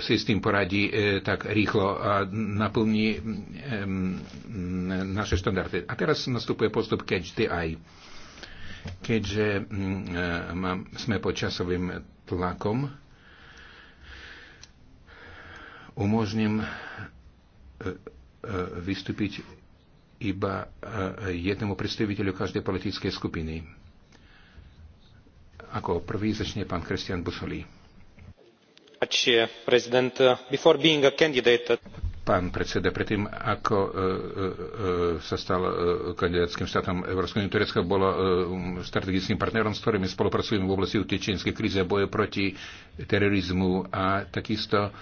si s tým poradí tak rýchlo a naplní mm, naše štandardy. A teraz nastupuje postup catch the eye. Keďže mm, sme pod časovým tlakom, umožním E, vystúpiť iba e, jednému predstaviteľu každej politickej skupiny. Ako prvý začne pán Christian Busoli. Pán predseda, predtým, ako e, sa stal kandidátským štátom Európskej únie, Turecko bolo um, strategickým partnerom, s ktorými spolupracujeme v oblasti utečenskej kríze, boje proti terorizmu a takisto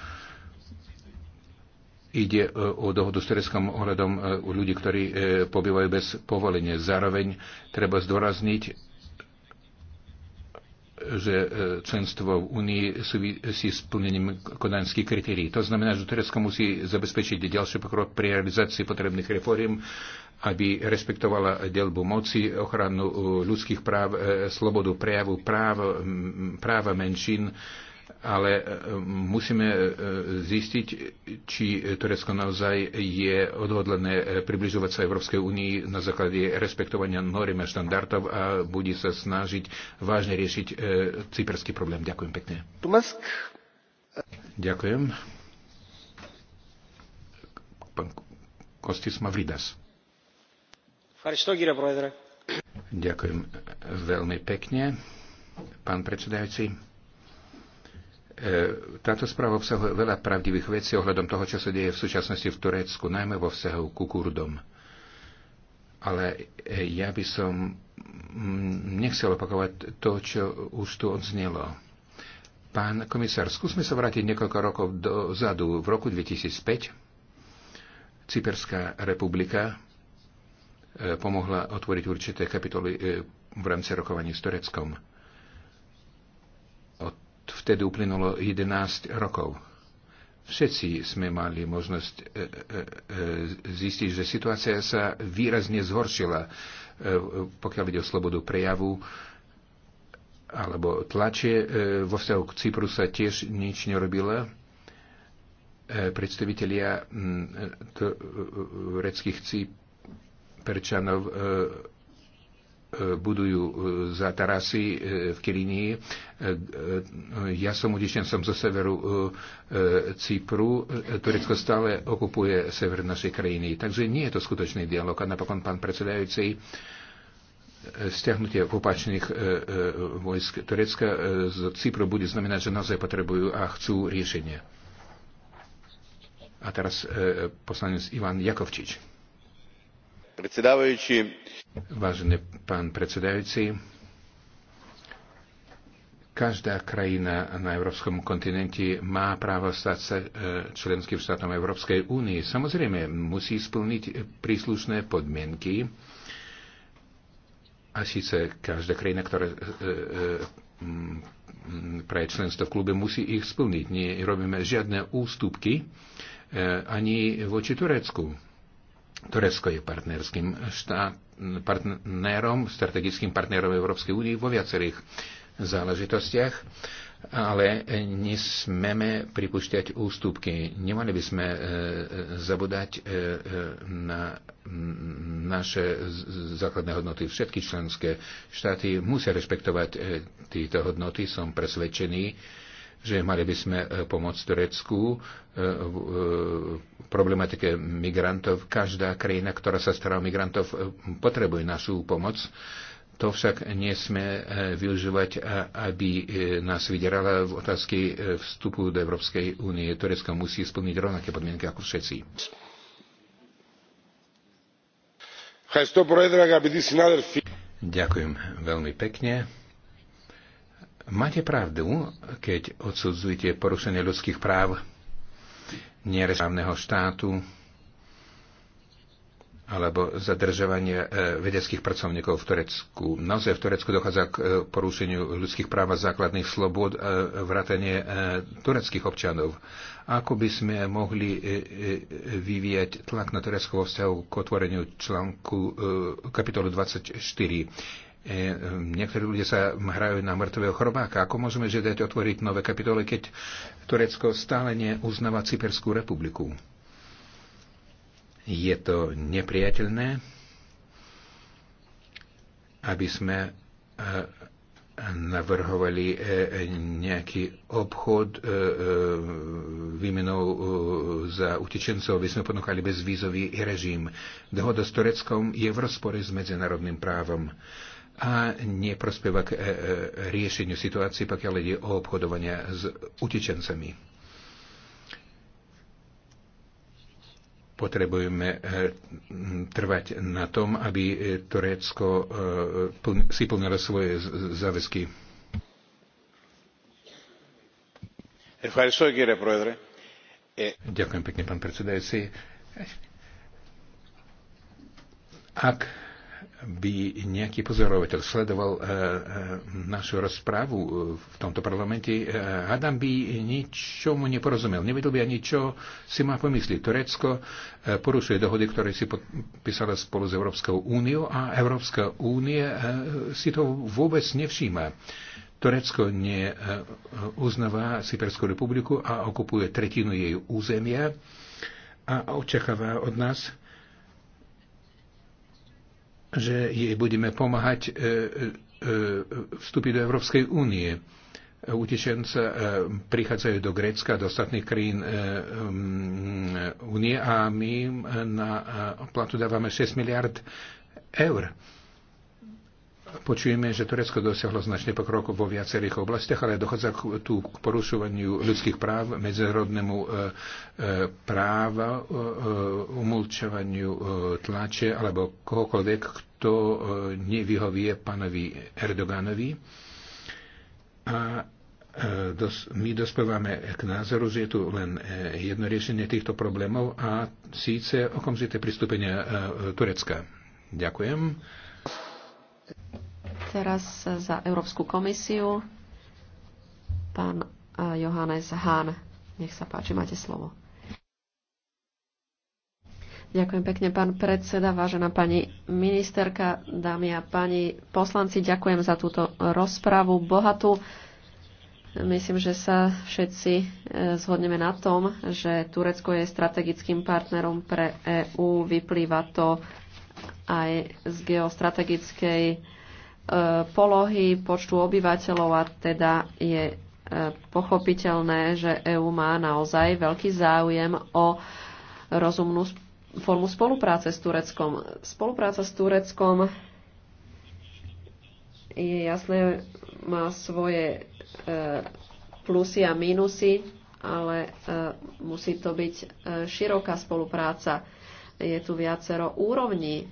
Ide e, o dohodu s Tureckom ohľadom e, u ľudí, ktorí e, pobývajú bez povolenia. Zároveň treba zdôrazniť, že členstvo v Únii súvisí s plnením kodanských kritérií. To znamená, že Turecko musí zabezpečiť ďalší pokrok pri realizácii potrebných reform, aby respektovala delbu moci, ochranu ľudských práv, slobodu prejavu, práv, práva menšín, ale e, musíme e, zistiť, či Turecko naozaj je odhodlené e, približovať sa Európskej únii na základe respektovania noriem a štandardov a bude sa snažiť vážne riešiť cyperský problém. Ďakujem pekne. Tumask. Ďakujem. Pán Kostis Mavridas. Ďakujem veľmi pekne, pán predsedajúci E, táto správa obsahuje veľa pravdivých vecí ohľadom toho, čo sa deje v súčasnosti v Turecku, najmä vo vzťahu ku Kurdom. Ale e, ja by som mm, nechcel opakovať to, čo už tu odznelo. Pán komisár, skúsme sa vrátiť niekoľko rokov dozadu. V roku 2005 Cyperská republika e, pomohla otvoriť určité kapitoly v rámci rokovaní s Tureckom Vtedy uplynulo 11 rokov. Všetci sme mali možnosť e, e, e, zistiť, že situácia sa výrazne zhoršila, pokiaľ ide o slobodu prejavu alebo tlače. Vo vzťahu k Cypru sa tiež nič nerobilo predstavitelia tureckých cyperčanov budujú e, za Tarasy e, v Kirinii. E, ja som utečencom zo severu Cypru. Turecko stále okupuje sever našej krajiny. Takže nie je to skutočný dialog. A napokon pán predsedajúci stiahnutie opačných vojsk Turecka z Cypru bude znamenať, že naozaj potrebujú a chcú riešenie. A teraz poslanec Ivan Jakovčič. Vážený pán predsedajúci, každá krajina na európskom kontinente má právo stať sa e, členským štátom Európskej únie. Samozrejme, musí splniť príslušné podmienky. A síce každá krajina, ktorá e, e, pre členstvo v klube musí ich splniť. Nie robíme žiadne ústupky ani voči Turecku. Turecko je partnerským štát, partnerom, strategickým partnerom Európskej únie vo viacerých záležitostiach, ale nesmeme pripúšťať ústupky. Nemali by sme e, e, zabúdať e, na naše základné hodnoty. Všetky členské štáty musia rešpektovať tieto hodnoty, som presvedčený že mali by sme e, pomôcť Turecku e, e, v problematike migrantov. Každá krajina, ktorá sa stará o migrantov, potrebuje našu pomoc. To však nesme využívať, aby nás vydierala v otázke vstupu do Európskej únie. Turecko musí splniť rovnaké podmienky ako všetci. Ďakujem veľmi pekne. Máte pravdu, keď odsudzujete porušenie ľudských práv nerezprávneho štátu alebo zadržovanie e, vedeckých pracovníkov v Turecku. Naozaj v Turecku dochádza k e, porušeniu ľudských práv a základných slobod e, vrátanie tureckých občanov. Ako by sme mohli vyvíjať tlak na Turecko vo vzťahu k otvoreniu článku kapitolu 24? E, niektorí ľudia sa hrajú na mŕtvého chrobáka. Ako môžeme žiadať otvoriť nové kapitoly, keď Turecko stále neuznáva Cyperskú republiku? Je to nepriateľné, aby sme e, navrhovali e, nejaký obchod výmenou za utečencov, aby sme ponúkali bezvízový režim. Dohoda s Tureckom je v rozpore s medzinárodným právom a neprospieva k e, e, riešeniu situácií, pokiaľ ide o obchodovanie s utečencami. Potrebujeme e, trvať na tom, aby Turecko si plnilo svoje záväzky. Ďakujem pekne, pán predsedajúci. Ak by nejaký pozorovateľ sledoval e, e, našu rozprávu e, v tomto parlamente, Adam by ničomu neporozumel. Nevedel by ani, čo si má pomysliť. Turecko porušuje dohody, ktoré si podpísala spolu s Európskou úniou a Európska únie si to vôbec nevšíma. Turecko neuznáva Cyperskú republiku a okupuje tretinu jej územia a očakáva od nás, že jej budeme pomáhať e, e, e, vstúpiť do Európskej únie. Utečenca prichádzajú do Grécka, do ostatných krajín únie a my na platu dávame 6 miliard eur. Počujeme, že Turecko dosiahlo značný pokrok vo viacerých oblastiach, ale dochádza k, tu k porušovaniu ľudských práv, medzinárodnému e, e, práva, e, e umlčovaniu e, tlače alebo kohokoľvek, kto e, nevyhovie pánovi Erdoganovi. A e, dos, my dospievame k názoru, že je tu len e, jedno riešenie týchto problémov a síce okamžité pristúpenie e, Turecka. Ďakujem. Teraz za Európsku komisiu pán eh, Johannes Hahn. Nech sa páči, máte slovo. Ďakujem pekne, pán predseda, vážená pani ministerka, dámy a pani poslanci, ďakujem za túto rozpravu bohatú. Myslím, že sa všetci eh, zhodneme na tom, že Turecko je strategickým partnerom pre EÚ. Vyplýva to aj z geostrategickej E, polohy, počtu obyvateľov a teda je e, pochopiteľné, že EÚ má naozaj veľký záujem o rozumnú formu spolupráce s Tureckom. Spolupráca s Tureckom je jasné, má svoje e, plusy a minusy, ale musí to byť široká spolupráca. Je tu viacero úrovní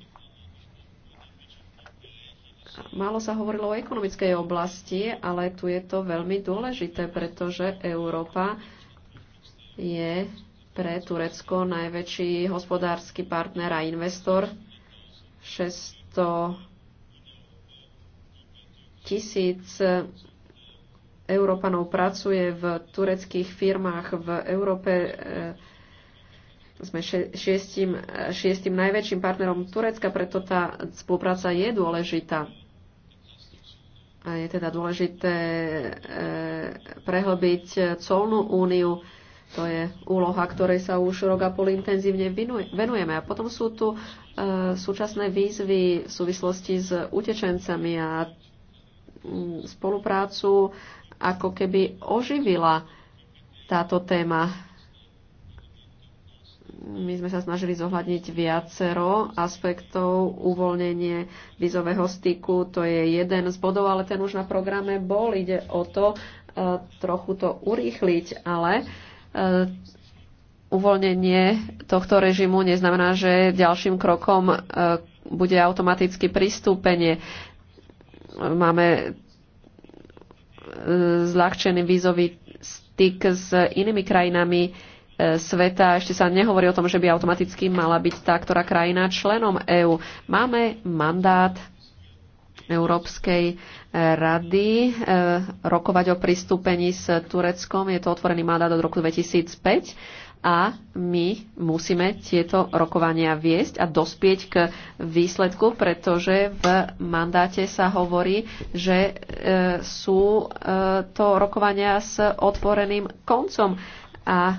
Málo sa hovorilo o ekonomickej oblasti, ale tu je to veľmi dôležité, pretože Európa je pre Turecko najväčší hospodársky partner a investor. 600 tisíc Európanov pracuje v tureckých firmách v Európe. Sme šiestim, šiestim najväčším partnerom Turecka, preto tá spolupráca je dôležitá. Je teda dôležité e, prehlbiť colnú úniu. To je úloha, ktorej sa už rok a pol intenzívne venujeme. A potom sú tu e, súčasné výzvy v súvislosti s utečencami a mm, spoluprácu ako keby oživila táto téma my sme sa snažili zohľadniť viacero aspektov. Uvoľnenie vizového styku, to je jeden z bodov, ale ten už na programe bol. Ide o to e, trochu to urýchliť, ale e, uvoľnenie tohto režimu neznamená, že ďalším krokom e, bude automaticky pristúpenie. Máme zľahčený vízový styk s inými krajinami sveta. Ešte sa nehovorí o tom, že by automaticky mala byť tá, ktorá krajina členom EÚ. Máme mandát Európskej e, rady e, rokovať o pristúpení s Tureckom. Je to otvorený mandát od roku 2005 a my musíme tieto rokovania viesť a dospieť k výsledku, pretože v mandáte sa hovorí, že e, sú to rokovania s otvoreným koncom a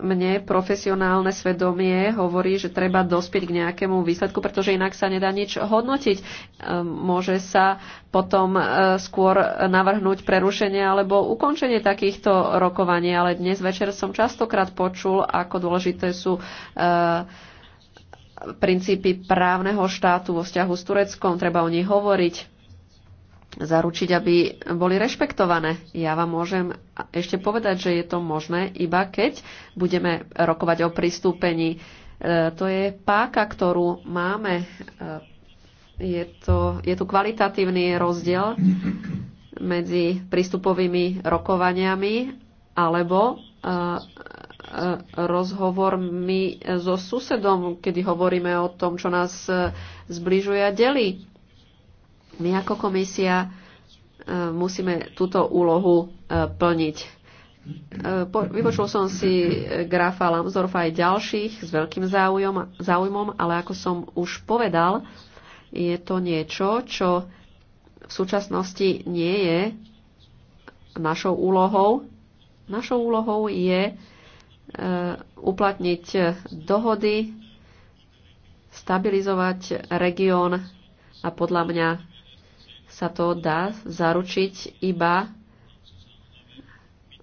mne profesionálne svedomie hovorí, že treba dospieť k nejakému výsledku, pretože inak sa nedá nič hodnotiť. Ehm, môže sa potom e, skôr navrhnúť prerušenie alebo ukončenie takýchto rokovaní, ale dnes večer som častokrát počul, ako dôležité sú e, princípy právneho štátu vo vzťahu s Tureckom, treba o nich hovoriť zaručiť, aby boli rešpektované. Ja vám môžem ešte povedať, že je to možné, iba keď budeme rokovať o pristúpení. E, to je páka, ktorú máme. E, je, to, je tu kvalitatívny rozdiel medzi prístupovými rokovaniami alebo e, rozhovormi so susedom, kedy hovoríme o tom, čo nás zbližuje a delí my ako komisia e, musíme túto úlohu e, plniť. E, vypočul som si grafa Lamsdorfa aj ďalších s veľkým záujom, záujmom, ale ako som už povedal, je to niečo, čo v súčasnosti nie je našou úlohou. Našou úlohou je uplatniť dohody, stabilizovať región a podľa mňa sa to dá zaručiť iba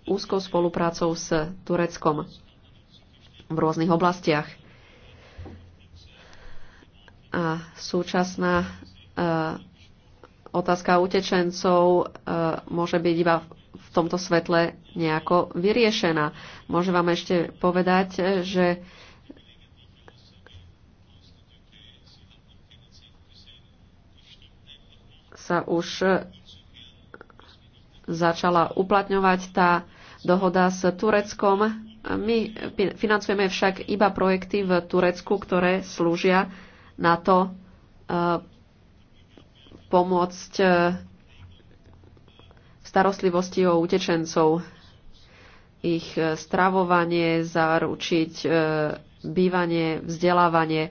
úzkou spoluprácou s Tureckom v rôznych oblastiach. A súčasná e, otázka utečencov e, môže byť iba v tomto svetle nejako vyriešená. Môžem vám ešte povedať, že sa už e, začala uplatňovať tá dohoda s Tureckom. My financujeme však iba projekty v Turecku, ktoré slúžia na to e, pomôcť e, v starostlivosti o utečencov, ich stravovanie, zaručiť bývanie, vzdelávanie.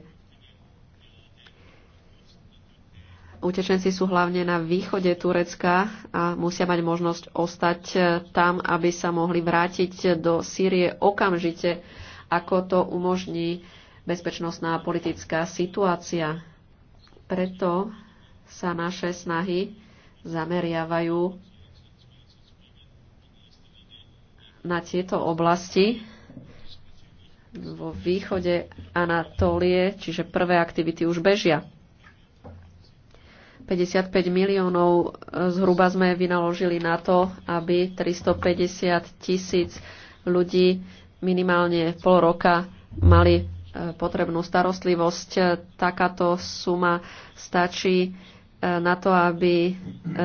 Utečenci sú hlavne na východe Turecka a musia mať možnosť ostať eh, tam, aby sa mohli vrátiť do Sýrie okamžite, ako to umožní bezpečnostná a politická situácia. Preto sa naše snahy zameriavajú na tieto oblasti vo východe Anatólie, čiže prvé aktivity už bežia. 55 miliónov e, zhruba sme vynaložili na to, aby 350 tisíc ľudí minimálne pol roka mali e, potrebnú starostlivosť. E, takáto suma stačí na to, aby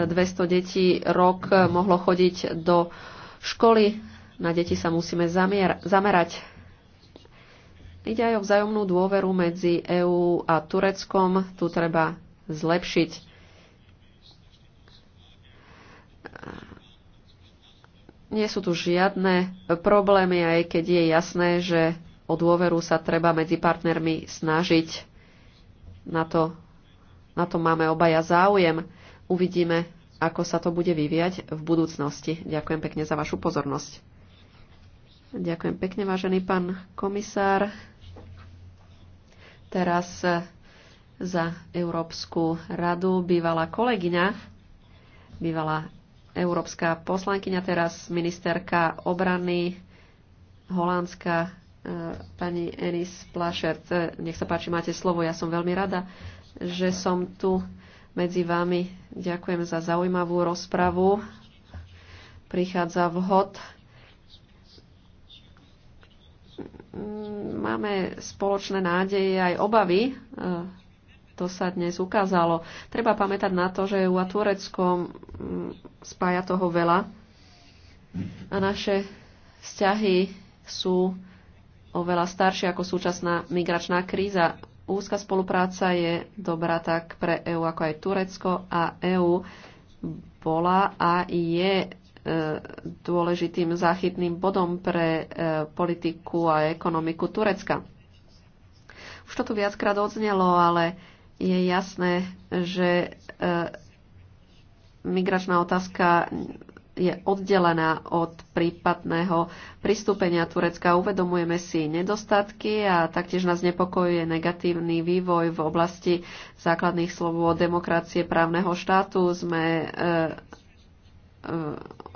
200 detí rok mohlo chodiť do školy. Na deti sa musíme zamier- zamerať. Ide aj o vzájomnú dôveru medzi EÚ a Tureckom. Tu treba zlepšiť. nie sú tu žiadne problémy, aj keď je jasné, že o dôveru sa treba medzi partnermi snažiť. Na to, na to máme obaja záujem. Uvidíme, ako sa to bude vyviať v budúcnosti. Ďakujem pekne za vašu pozornosť. Ďakujem pekne, vážený pán komisár. Teraz za Európsku radu bývalá kolegyňa, bývalá európska poslankyňa, teraz ministerka obrany Holandska, e, pani Enis Plašert. E, nech sa páči, máte slovo. Ja som veľmi rada, že som tu medzi vami. Ďakujem za zaujímavú rozpravu. Prichádza vhod. Mm, máme spoločné nádeje aj obavy e, to sa dnes ukázalo. Treba pamätať na to, že EU a Turecko mm, spája toho veľa a naše vzťahy sú oveľa staršie ako súčasná migračná kríza. Úzka spolupráca je dobrá tak pre EU ako aj Turecko a EU bola a je e, dôležitým záchytným bodom pre e, politiku a ekonomiku Turecka. Už to tu viackrát odznelo, ale je jasné, že e, migračná otázka je oddelená od prípadného pristúpenia Turecka. Uvedomujeme si nedostatky a taktiež nás nepokojuje negatívny vývoj v oblasti základných slobôd demokracie právneho štátu. Sme e, e,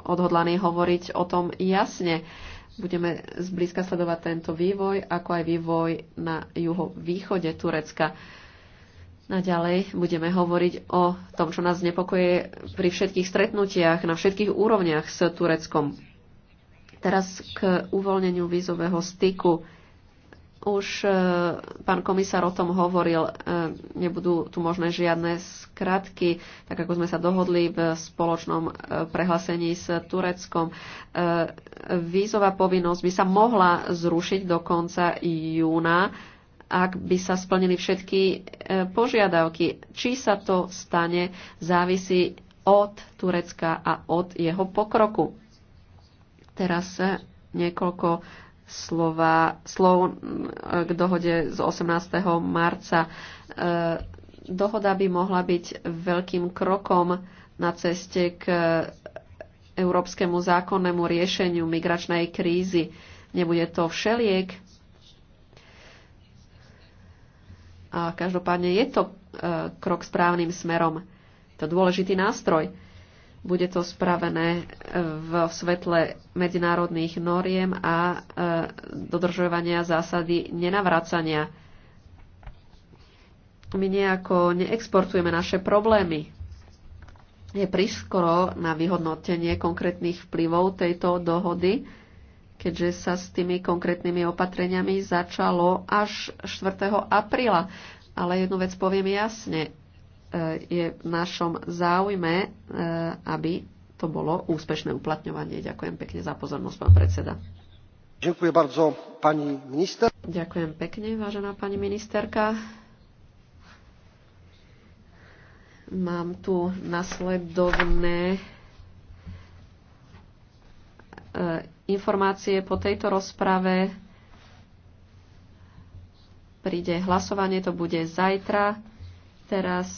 odhodlaní hovoriť o tom jasne. Budeme zblízka sledovať tento vývoj, ako aj vývoj na juhovýchode Turecka. Naďalej budeme hovoriť o tom, čo nás znepokoje pri všetkých stretnutiach na všetkých úrovniach s Tureckom. Teraz k uvoľneniu vízového styku. Už e, pán komisár o tom hovoril, e, nebudú tu možné žiadne skratky, tak ako sme sa dohodli v spoločnom e, prehlásení s Tureckom. Vízová povinnosť by sa mohla zrušiť do konca júna ak by sa splnili všetky e, požiadavky. Či sa to stane, závisí od Turecka a od jeho pokroku. Teraz e, niekoľko slova, slov e, k dohode z 18. marca. Dohoda by mohla byť veľkým krokom na ceste k európskemu zákonnému riešeniu migračnej krízy. Nebude to všeliek, A každopádne je to e, krok správnym smerom. To dôležitý nástroj. Bude to spravené e, v svetle medzinárodných noriem a e, dodržovania zásady nenavracania. My nejako neexportujeme naše problémy. Je priskoro na vyhodnotenie konkrétnych vplyvov tejto dohody keďže sa s tými konkrétnymi opatreniami začalo až 4. apríla. Ale jednu vec poviem jasne. E, je v našom záujme, e, aby to bolo úspešné uplatňovanie. Ďakujem pekne za pozornosť, pán predseda. Ďakujem bardzo, pani minister. Ďakujem pekne, vážená pani ministerka. Mám tu nasledovné E, informácie po tejto rozprave. Príde hlasovanie, to bude zajtra. Teraz